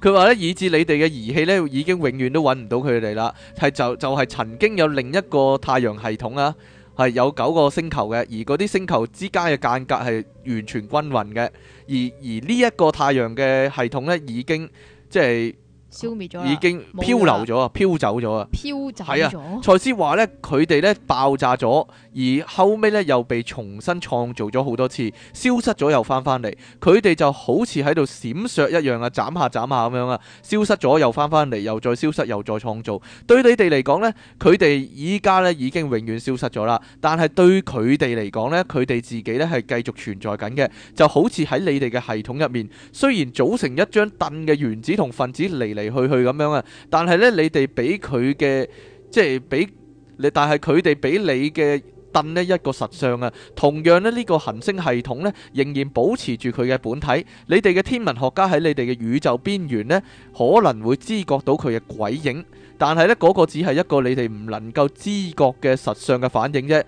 佢話咧，以致你哋嘅儀器咧，已經永遠都揾唔到佢哋啦。係就就係、是、曾經有另一個太陽系統啊，係有九個星球嘅，而嗰啲星球之間嘅間隔係完全均匀嘅。而而呢一個太陽嘅系統咧，已經即係。消滅咗，已經漂流咗啊，漂走咗啊，漂走咗。賽斯話呢，佢哋呢爆炸咗，而後尾呢又被重新創造咗好多次，消失咗又翻返嚟，佢哋就好似喺度閃爍一樣啊，斬下斬下咁樣啊，消失咗又翻返嚟，又再消失又再創造。對你哋嚟講呢，佢哋依家呢已經永遠消失咗啦，但係對佢哋嚟講呢，佢哋自己呢係繼續存在緊嘅，就好似喺你哋嘅系統入面，雖然組成一張凳嘅原子同分子離。嚟去去咁樣啊，但係呢，你哋俾佢嘅，即係俾你，但係佢哋俾你嘅盾呢一個實相啊。同樣呢，呢個行星系統呢，仍然保持住佢嘅本體。你哋嘅天文學家喺你哋嘅宇宙邊緣呢，可能會知覺到佢嘅鬼影，但係呢，嗰個只係一個你哋唔能夠知覺嘅實相嘅反應啫。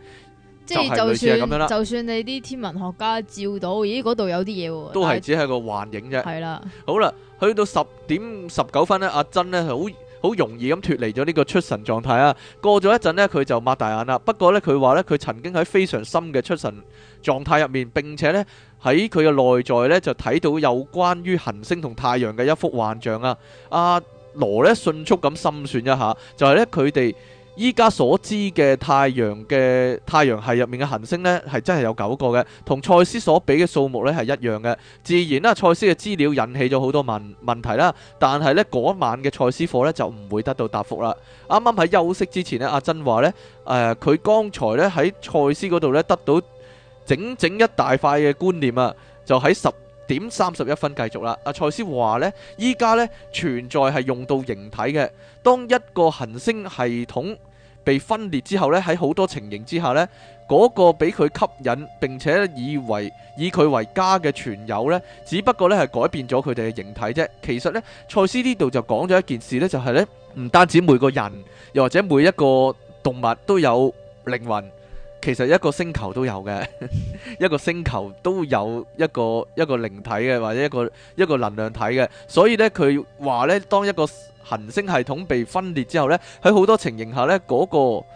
就係類似咁樣啦，就算你啲天文學家照到，咦，嗰度有啲嘢喎，都係只係個幻影啫。係啦的，好啦，去到十點十九分呢，阿珍咧，好好容易咁脫離咗呢個出神狀態啊。過咗一陣呢，佢就擘大眼啦。不過呢，佢話呢，佢曾經喺非常深嘅出神狀態入面，並且呢，喺佢嘅內在呢，就睇到有關於恆星同太陽嘅一幅幻象啊。阿羅呢，迅速咁心算一下，就係呢，佢哋。依家所知嘅太陽嘅太陽系入面嘅行星呢，係真係有九個嘅，同賽斯所俾嘅數目呢，係一樣嘅。自然啦，賽斯嘅資料引起咗好多問問題啦。但係呢，嗰晚嘅賽斯課呢，就唔會得到答覆啦。啱啱喺休息之前呢，阿珍話呢，誒、呃、佢剛才呢喺賽斯嗰度呢，得到整整一大塊嘅觀念啊，就喺十點三十一分繼續啦。阿、啊、賽斯話呢，依家呢，存在係用到形體嘅，當一個行星系統，被分裂之後呢，喺好多情形之下呢，嗰個俾佢吸引並且以為以佢為家嘅全友呢，只不過呢係改變咗佢哋嘅形體啫。其實呢，賽斯呢度就講咗一件事呢，就係呢：唔單止每個人又或者每一個動物都有靈魂，其實一個星球都有嘅， 一個星球都有一個一個靈體嘅，或者一個一個能量體嘅。所以呢，佢話呢，當一個行星系統被分裂之後呢，喺好多情形下呢，嗰、那個。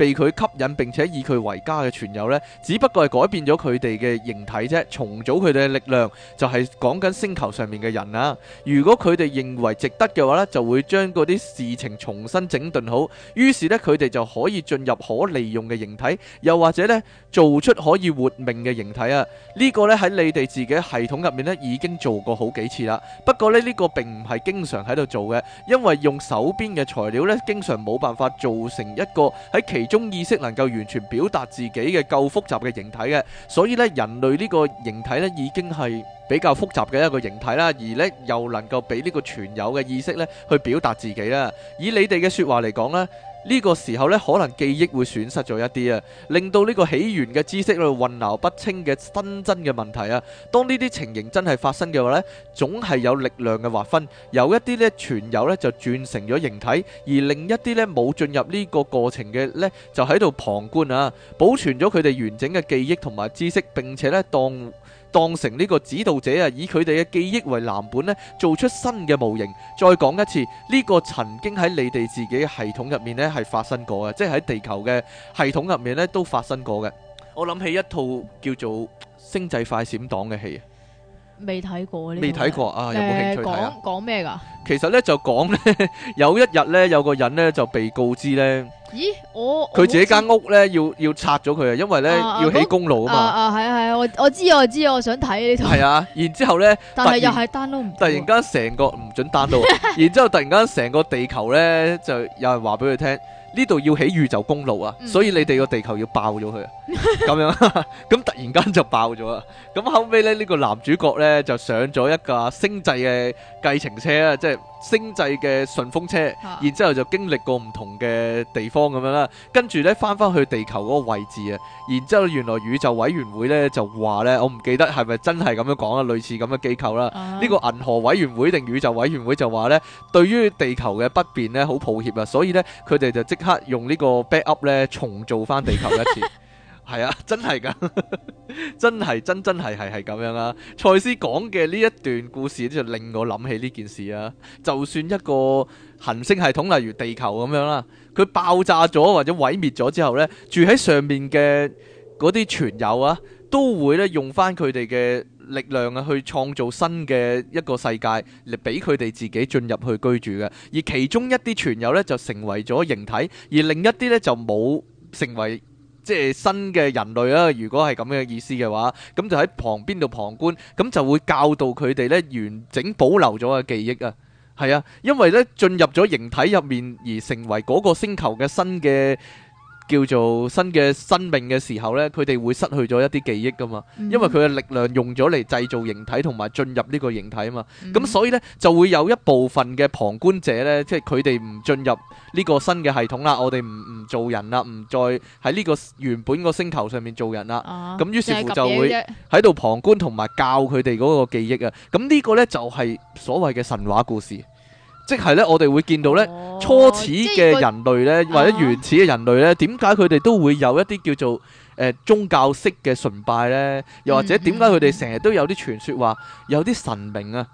被佢吸引並且以佢為家嘅存有咧，只不過係改變咗佢哋嘅形體啫，重組佢哋嘅力量就係講緊星球上面嘅人啊。如果佢哋認為值得嘅話咧，就會將嗰啲事情重新整頓好。於是咧，佢哋就可以進入可利用嘅形體，又或者咧，做出可以活命嘅形體啊。呢個咧喺你哋自己系統入面咧已經做過好幾次啦。不過咧，呢個並唔係經常喺度做嘅，因為用手邊嘅材料咧，經常冇辦法造成一個喺其中意識能夠完全表達自己嘅夠複雜嘅形體嘅，所以咧，人類呢個形體咧已經係比較複雜嘅一個形體啦，而呢又能夠俾呢個全有嘅意識咧去表達自己啦。以你哋嘅説話嚟講咧。呢個時候呢，可能記憶會損失咗一啲啊，令到呢個起源嘅知識去混淆不清嘅新增嘅問題啊。當呢啲情形真係發生嘅話呢，總係有力量嘅劃分，有一啲呢存有呢就轉成咗形體，而另一啲呢冇進入呢個過程嘅呢就喺度旁觀啊，保存咗佢哋完整嘅記憶同埋知識，並且呢當。當成呢個指導者啊，以佢哋嘅記憶為藍本咧，做出新嘅模型。再講一次，呢個曾經喺你哋自己嘅系統入面咧係發生過嘅，即係喺地球嘅系統入面咧都發生過嘅。我諗起一套叫做《星際快閃黨》嘅戲。未睇過、呃、呢？未睇過啊？有冇興趣睇啊？講講咩噶？其實咧就講咧，有一日咧，有個人咧就被告知咧，咦，我佢自己間屋咧要要拆咗佢啊，因為咧、啊、要起公路啊嘛。啊係啊係啊，啊啊我我知我知，我想睇、這個、呢套。係啊，然之後咧，但係又係 download 唔到，突然間成個唔准 download，然之後突然間成個地球咧，就有人話俾佢聽。呢度要起宇宙公路啊，所以你哋個地球要爆咗佢，咁樣，咁 突然間就爆咗啊。咁後尾咧，呢、呢個男主角咧就上咗一架星際嘅計程車啊，即係。星際嘅順風車，然之後就經歷過唔同嘅地方咁樣啦，跟住呢翻翻去地球嗰個位置啊，然之後原來宇宙委員會呢，就話呢：「我唔記得係咪真係咁樣講啊，類似咁嘅機構啦。」呢、啊、個銀河委員會定宇宙委員會就話呢，對於地球嘅不便呢，好抱歉啊，所以呢，佢哋就即刻用呢個 backup 呢，重做翻地球一次。 係啊，真係噶，真係真真係係係咁樣啦。賽斯講嘅呢一段故事，就令我諗起呢件事啊。就算一個行星系統，例如地球咁樣啦，佢爆炸咗或者毀滅咗之後咧，住喺上面嘅嗰啲存有啊，都會咧用翻佢哋嘅力量啊，去創造新嘅一個世界嚟俾佢哋自己進入去居住嘅。而其中一啲存有咧就成為咗形體，而另一啲咧就冇成為。即係新嘅人類啊，如果係咁嘅意思嘅話，咁就喺旁邊度旁觀，咁就會教導佢哋呢，完整保留咗個記憶啊。係啊，因為呢，進入咗形體入面而成為嗰個星球嘅新嘅叫做新嘅生命嘅時候呢，佢哋會失去咗一啲記憶㗎嘛，因為佢嘅力量用咗嚟製造形體同埋進入呢個形體啊嘛，咁所以呢就會有一部分嘅旁觀者呢，即係佢哋唔進入呢個新嘅系統啦，我哋唔唔做人啦，唔再喺呢個原本個星球上面做人啦，咁於是乎就會喺度旁觀同埋教佢哋嗰個記憶啊，咁呢個呢就係所謂嘅神話故事。即係咧，我哋會見到咧，初始嘅人類咧，或者原始嘅人類咧，點解佢哋都會有一啲叫做誒、呃、宗教式嘅崇拜咧？又或者點解佢哋成日都有啲傳說話有啲神明啊？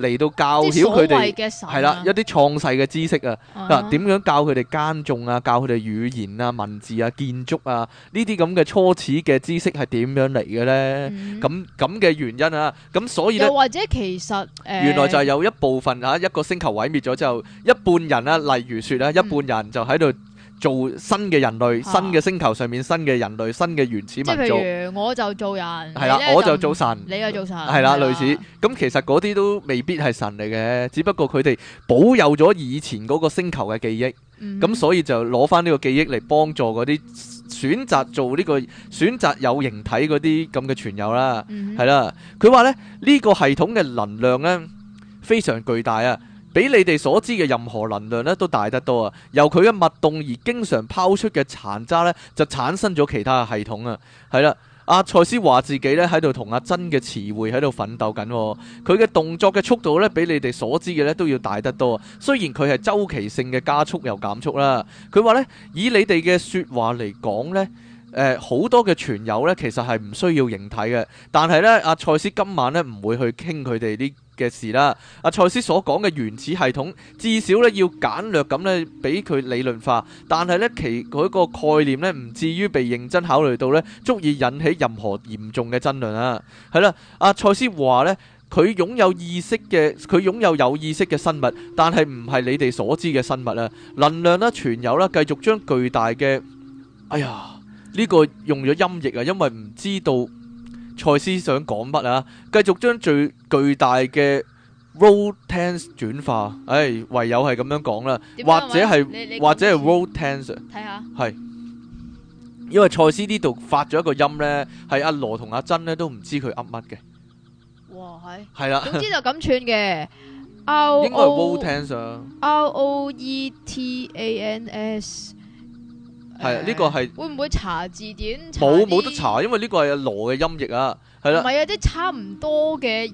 嚟到教曉佢哋，係啦、啊、一啲創世嘅知識啊，嗱點、uh huh. 樣教佢哋耕種啊，教佢哋語言啊、文字啊、建築啊呢啲咁嘅初始嘅知識係點樣嚟嘅咧？咁咁嘅原因啊，咁所以咧，又或者其實，呃、原來就係有一部分嚇一個星球毀滅咗之後，一半人啊，例如説啊，一半人就喺度。做新嘅人類，新嘅星球上面新嘅人類，新嘅原始民族。啊、即係譬如，我就做人，係啦的，呢我就做神，你又做神，係啦，類似。咁其實嗰啲都未必係神嚟嘅，只不過佢哋保有咗以前嗰個星球嘅記憶，咁、嗯、哼所以就攞翻呢個記憶嚟幫助嗰啲選擇做呢個選擇有形體嗰啲咁嘅存有啦。係啦、嗯哼，佢話呢，呢、這個系統嘅能量呢，非常巨大啊！比你哋所知嘅任何能量咧都大得多啊！由佢嘅脈動而經常拋出嘅殘渣咧，就產生咗其他嘅系統啊！係啦，阿賽斯話自己咧喺度同阿珍嘅詞彙喺度奮鬥緊，佢嘅動作嘅速度咧比你哋所知嘅咧都要大得多啊！雖然佢係周期性嘅加速又減速啦，佢話咧以你哋嘅說話嚟講咧。誒，好，呃、多嘅存有呢，其實係唔需要形體嘅。但係呢，阿、啊、賽斯今晚呢，唔會去傾佢哋啲嘅事啦。阿、啊、賽斯所講嘅原始系統，至少呢，要簡略咁呢，俾佢理論化。但係呢，其佢個概念呢，唔至於被認真考慮到呢，足以引起任何嚴重嘅爭論啊。係啦，阿賽斯話呢，佢擁有意識嘅，佢擁有有意識嘅生物，但係唔係你哋所知嘅生物啊。能量啦、啊，存有呢、啊，繼續將巨大嘅，哎呀～呢個用咗音譯啊，因為唔知道賽斯想講乜啊，繼續將最巨大嘅 roten 轉化，唉，唯有係咁樣講啦，或者係或者係 roten，睇下，係，因為賽斯呢度發咗一個音咧，係阿羅同阿珍咧都唔知佢噏乜嘅，哇係，係啦，總之就咁串嘅，歐，應該係 roten，r o e t a n s。係啊，呢個係會唔會查字典？冇，冇得查，因為呢個係羅嘅音譯啊。係啦，唔係啊，啲、就是、差唔多嘅音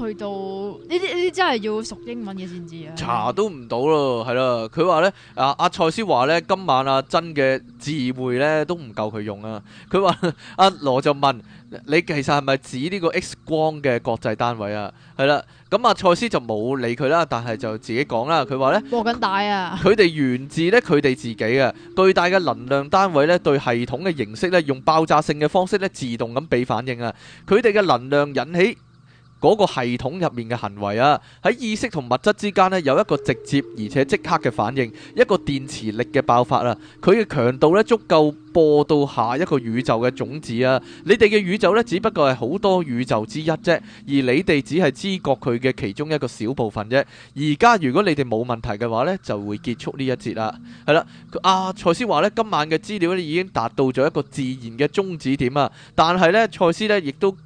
去到呢啲呢啲真係要熟英文嘅先知啊！查都唔到咯，係啦。佢話咧，阿阿賽斯話咧，今晚阿珍嘅智慧咧都唔夠佢用啊。佢話阿羅就問你，其實係咪指呢個 X 光嘅國際單位啊？係啦，咁、啊、阿賽斯就冇理佢啦，但係就自己講啦。佢話咧，播緊大啊！佢哋源自咧，佢哋自己嘅巨大嘅能量單位咧，對系統嘅形式咧，用爆炸性嘅方式咧，自動咁被反應啊！佢哋嘅能量引起。 嗰個系統入面嘅行為啊，喺意識同物質之間呢，有一個直接而且即刻嘅反應，一個電磁力嘅爆發啊。佢嘅強度呢，足夠播到下一個宇宙嘅種子啊！你哋嘅宇宙呢，只不過係好多宇宙之一啫，而你哋只係知覺佢嘅其中一個小部分啫。而家如果你哋冇問題嘅話呢，就會結束呢一節啦。係啦，啊，賽斯話呢，今晚嘅資料呢，已經達到咗一個自然嘅終止點啊，但係呢，賽斯呢，亦都。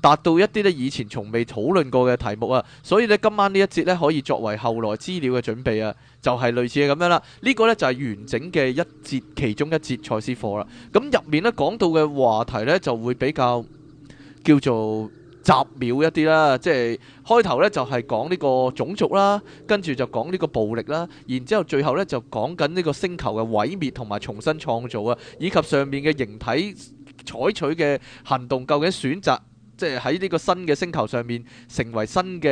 達到一啲呢以前從未討論過嘅題目啊，所以呢，今晚呢一節呢，可以作為後來資料嘅準備啊，就係、是、類似嘅咁樣啦。呢、這個呢，就係完整嘅一節其中一節賽斯課啦。咁入面呢，講到嘅話題呢，就會比較叫做雜妙一啲啦，即係開頭呢，就係講呢個種族啦，跟住就講呢個暴力啦，然之後最後呢，就講緊呢個星球嘅毀滅同埋重新創造啊，以及上面嘅形體採取嘅行動究竟選擇。即係喺呢個新嘅星球上面，成為新嘅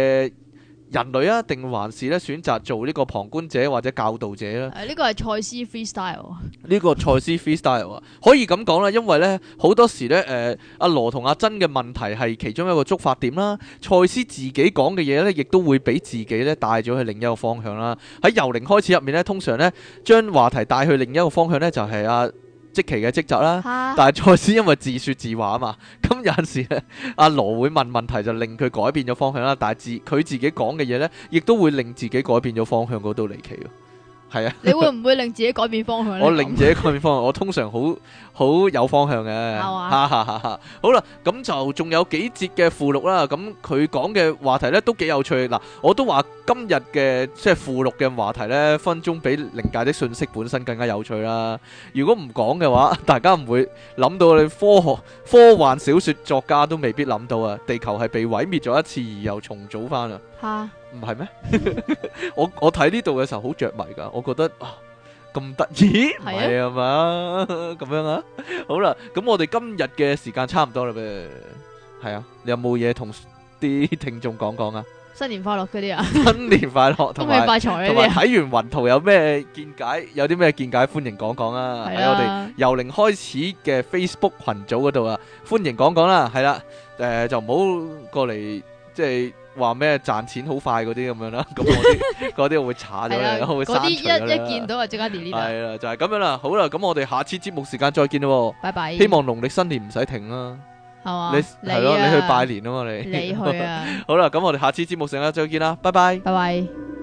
人類啊？定還是咧選擇做呢個旁觀者或者教導者咧？呢個係賽斯 freestyle。呢個賽斯 freestyle 啊，可以咁講啦，因為咧好多時咧誒，阿羅同阿珍嘅問題係其中一個觸發點啦。賽斯自己講嘅嘢咧，亦都會俾自己咧帶咗去另一個方向啦。喺由零開始入面咧，通常咧將話題帶去另一個方向咧，就係、是、阿、啊。即期嘅職責啦，哈但係賽斯因為自説自話啊嘛，咁有陣時阿、啊、羅會問問題就令佢改變咗方向啦，但係自佢自己講嘅嘢呢，亦都會令自己改變咗方向嗰度離奇。係啊，你會唔會令自己改變方向咧？我令自己改變方向，我通常好好有方向嘅。係嘛，好啦，咁就仲有幾節嘅附録啦。咁佢講嘅話題咧都幾有趣。嗱，我都話今日嘅即係附録嘅話題咧，分鐘比靈界的信息本身更加有趣啦。如果唔講嘅話，大家唔會諗到你科學科幻小說作家都未必諗到啊。地球係被毀滅咗一次，而又重組翻啊。吓！ 唔係咩？我我睇呢度嘅時候好着迷噶我覺得啊，咁得意，唔係啊嘛咁樣啊。好啦，咁我哋今日嘅時間差唔多啦唄。係啊，你有冇嘢同啲聽眾講講啊？新年快樂嗰啲啊！新年快樂，同埋同埋睇完雲圖有咩見解？有啲咩見解？歡迎講講啊！喺我哋由零開始嘅 Facebook 群組嗰度啊，歡迎講講啦，係啦，誒就唔好過嚟即係。話咩賺錢好快嗰啲咁樣啦，咁嗰啲嗰啲會查咗，會刪除咗啦。係啦，就係、是、咁樣啦。好啦，咁我哋下次節目時間再見啦。拜拜 bye。希望農曆新年唔使停啦。係嘛？你係咯，你去拜年啊嘛，你，你、啊、 好啦，咁我哋下次節目時間再見啦。拜拜。拜拜。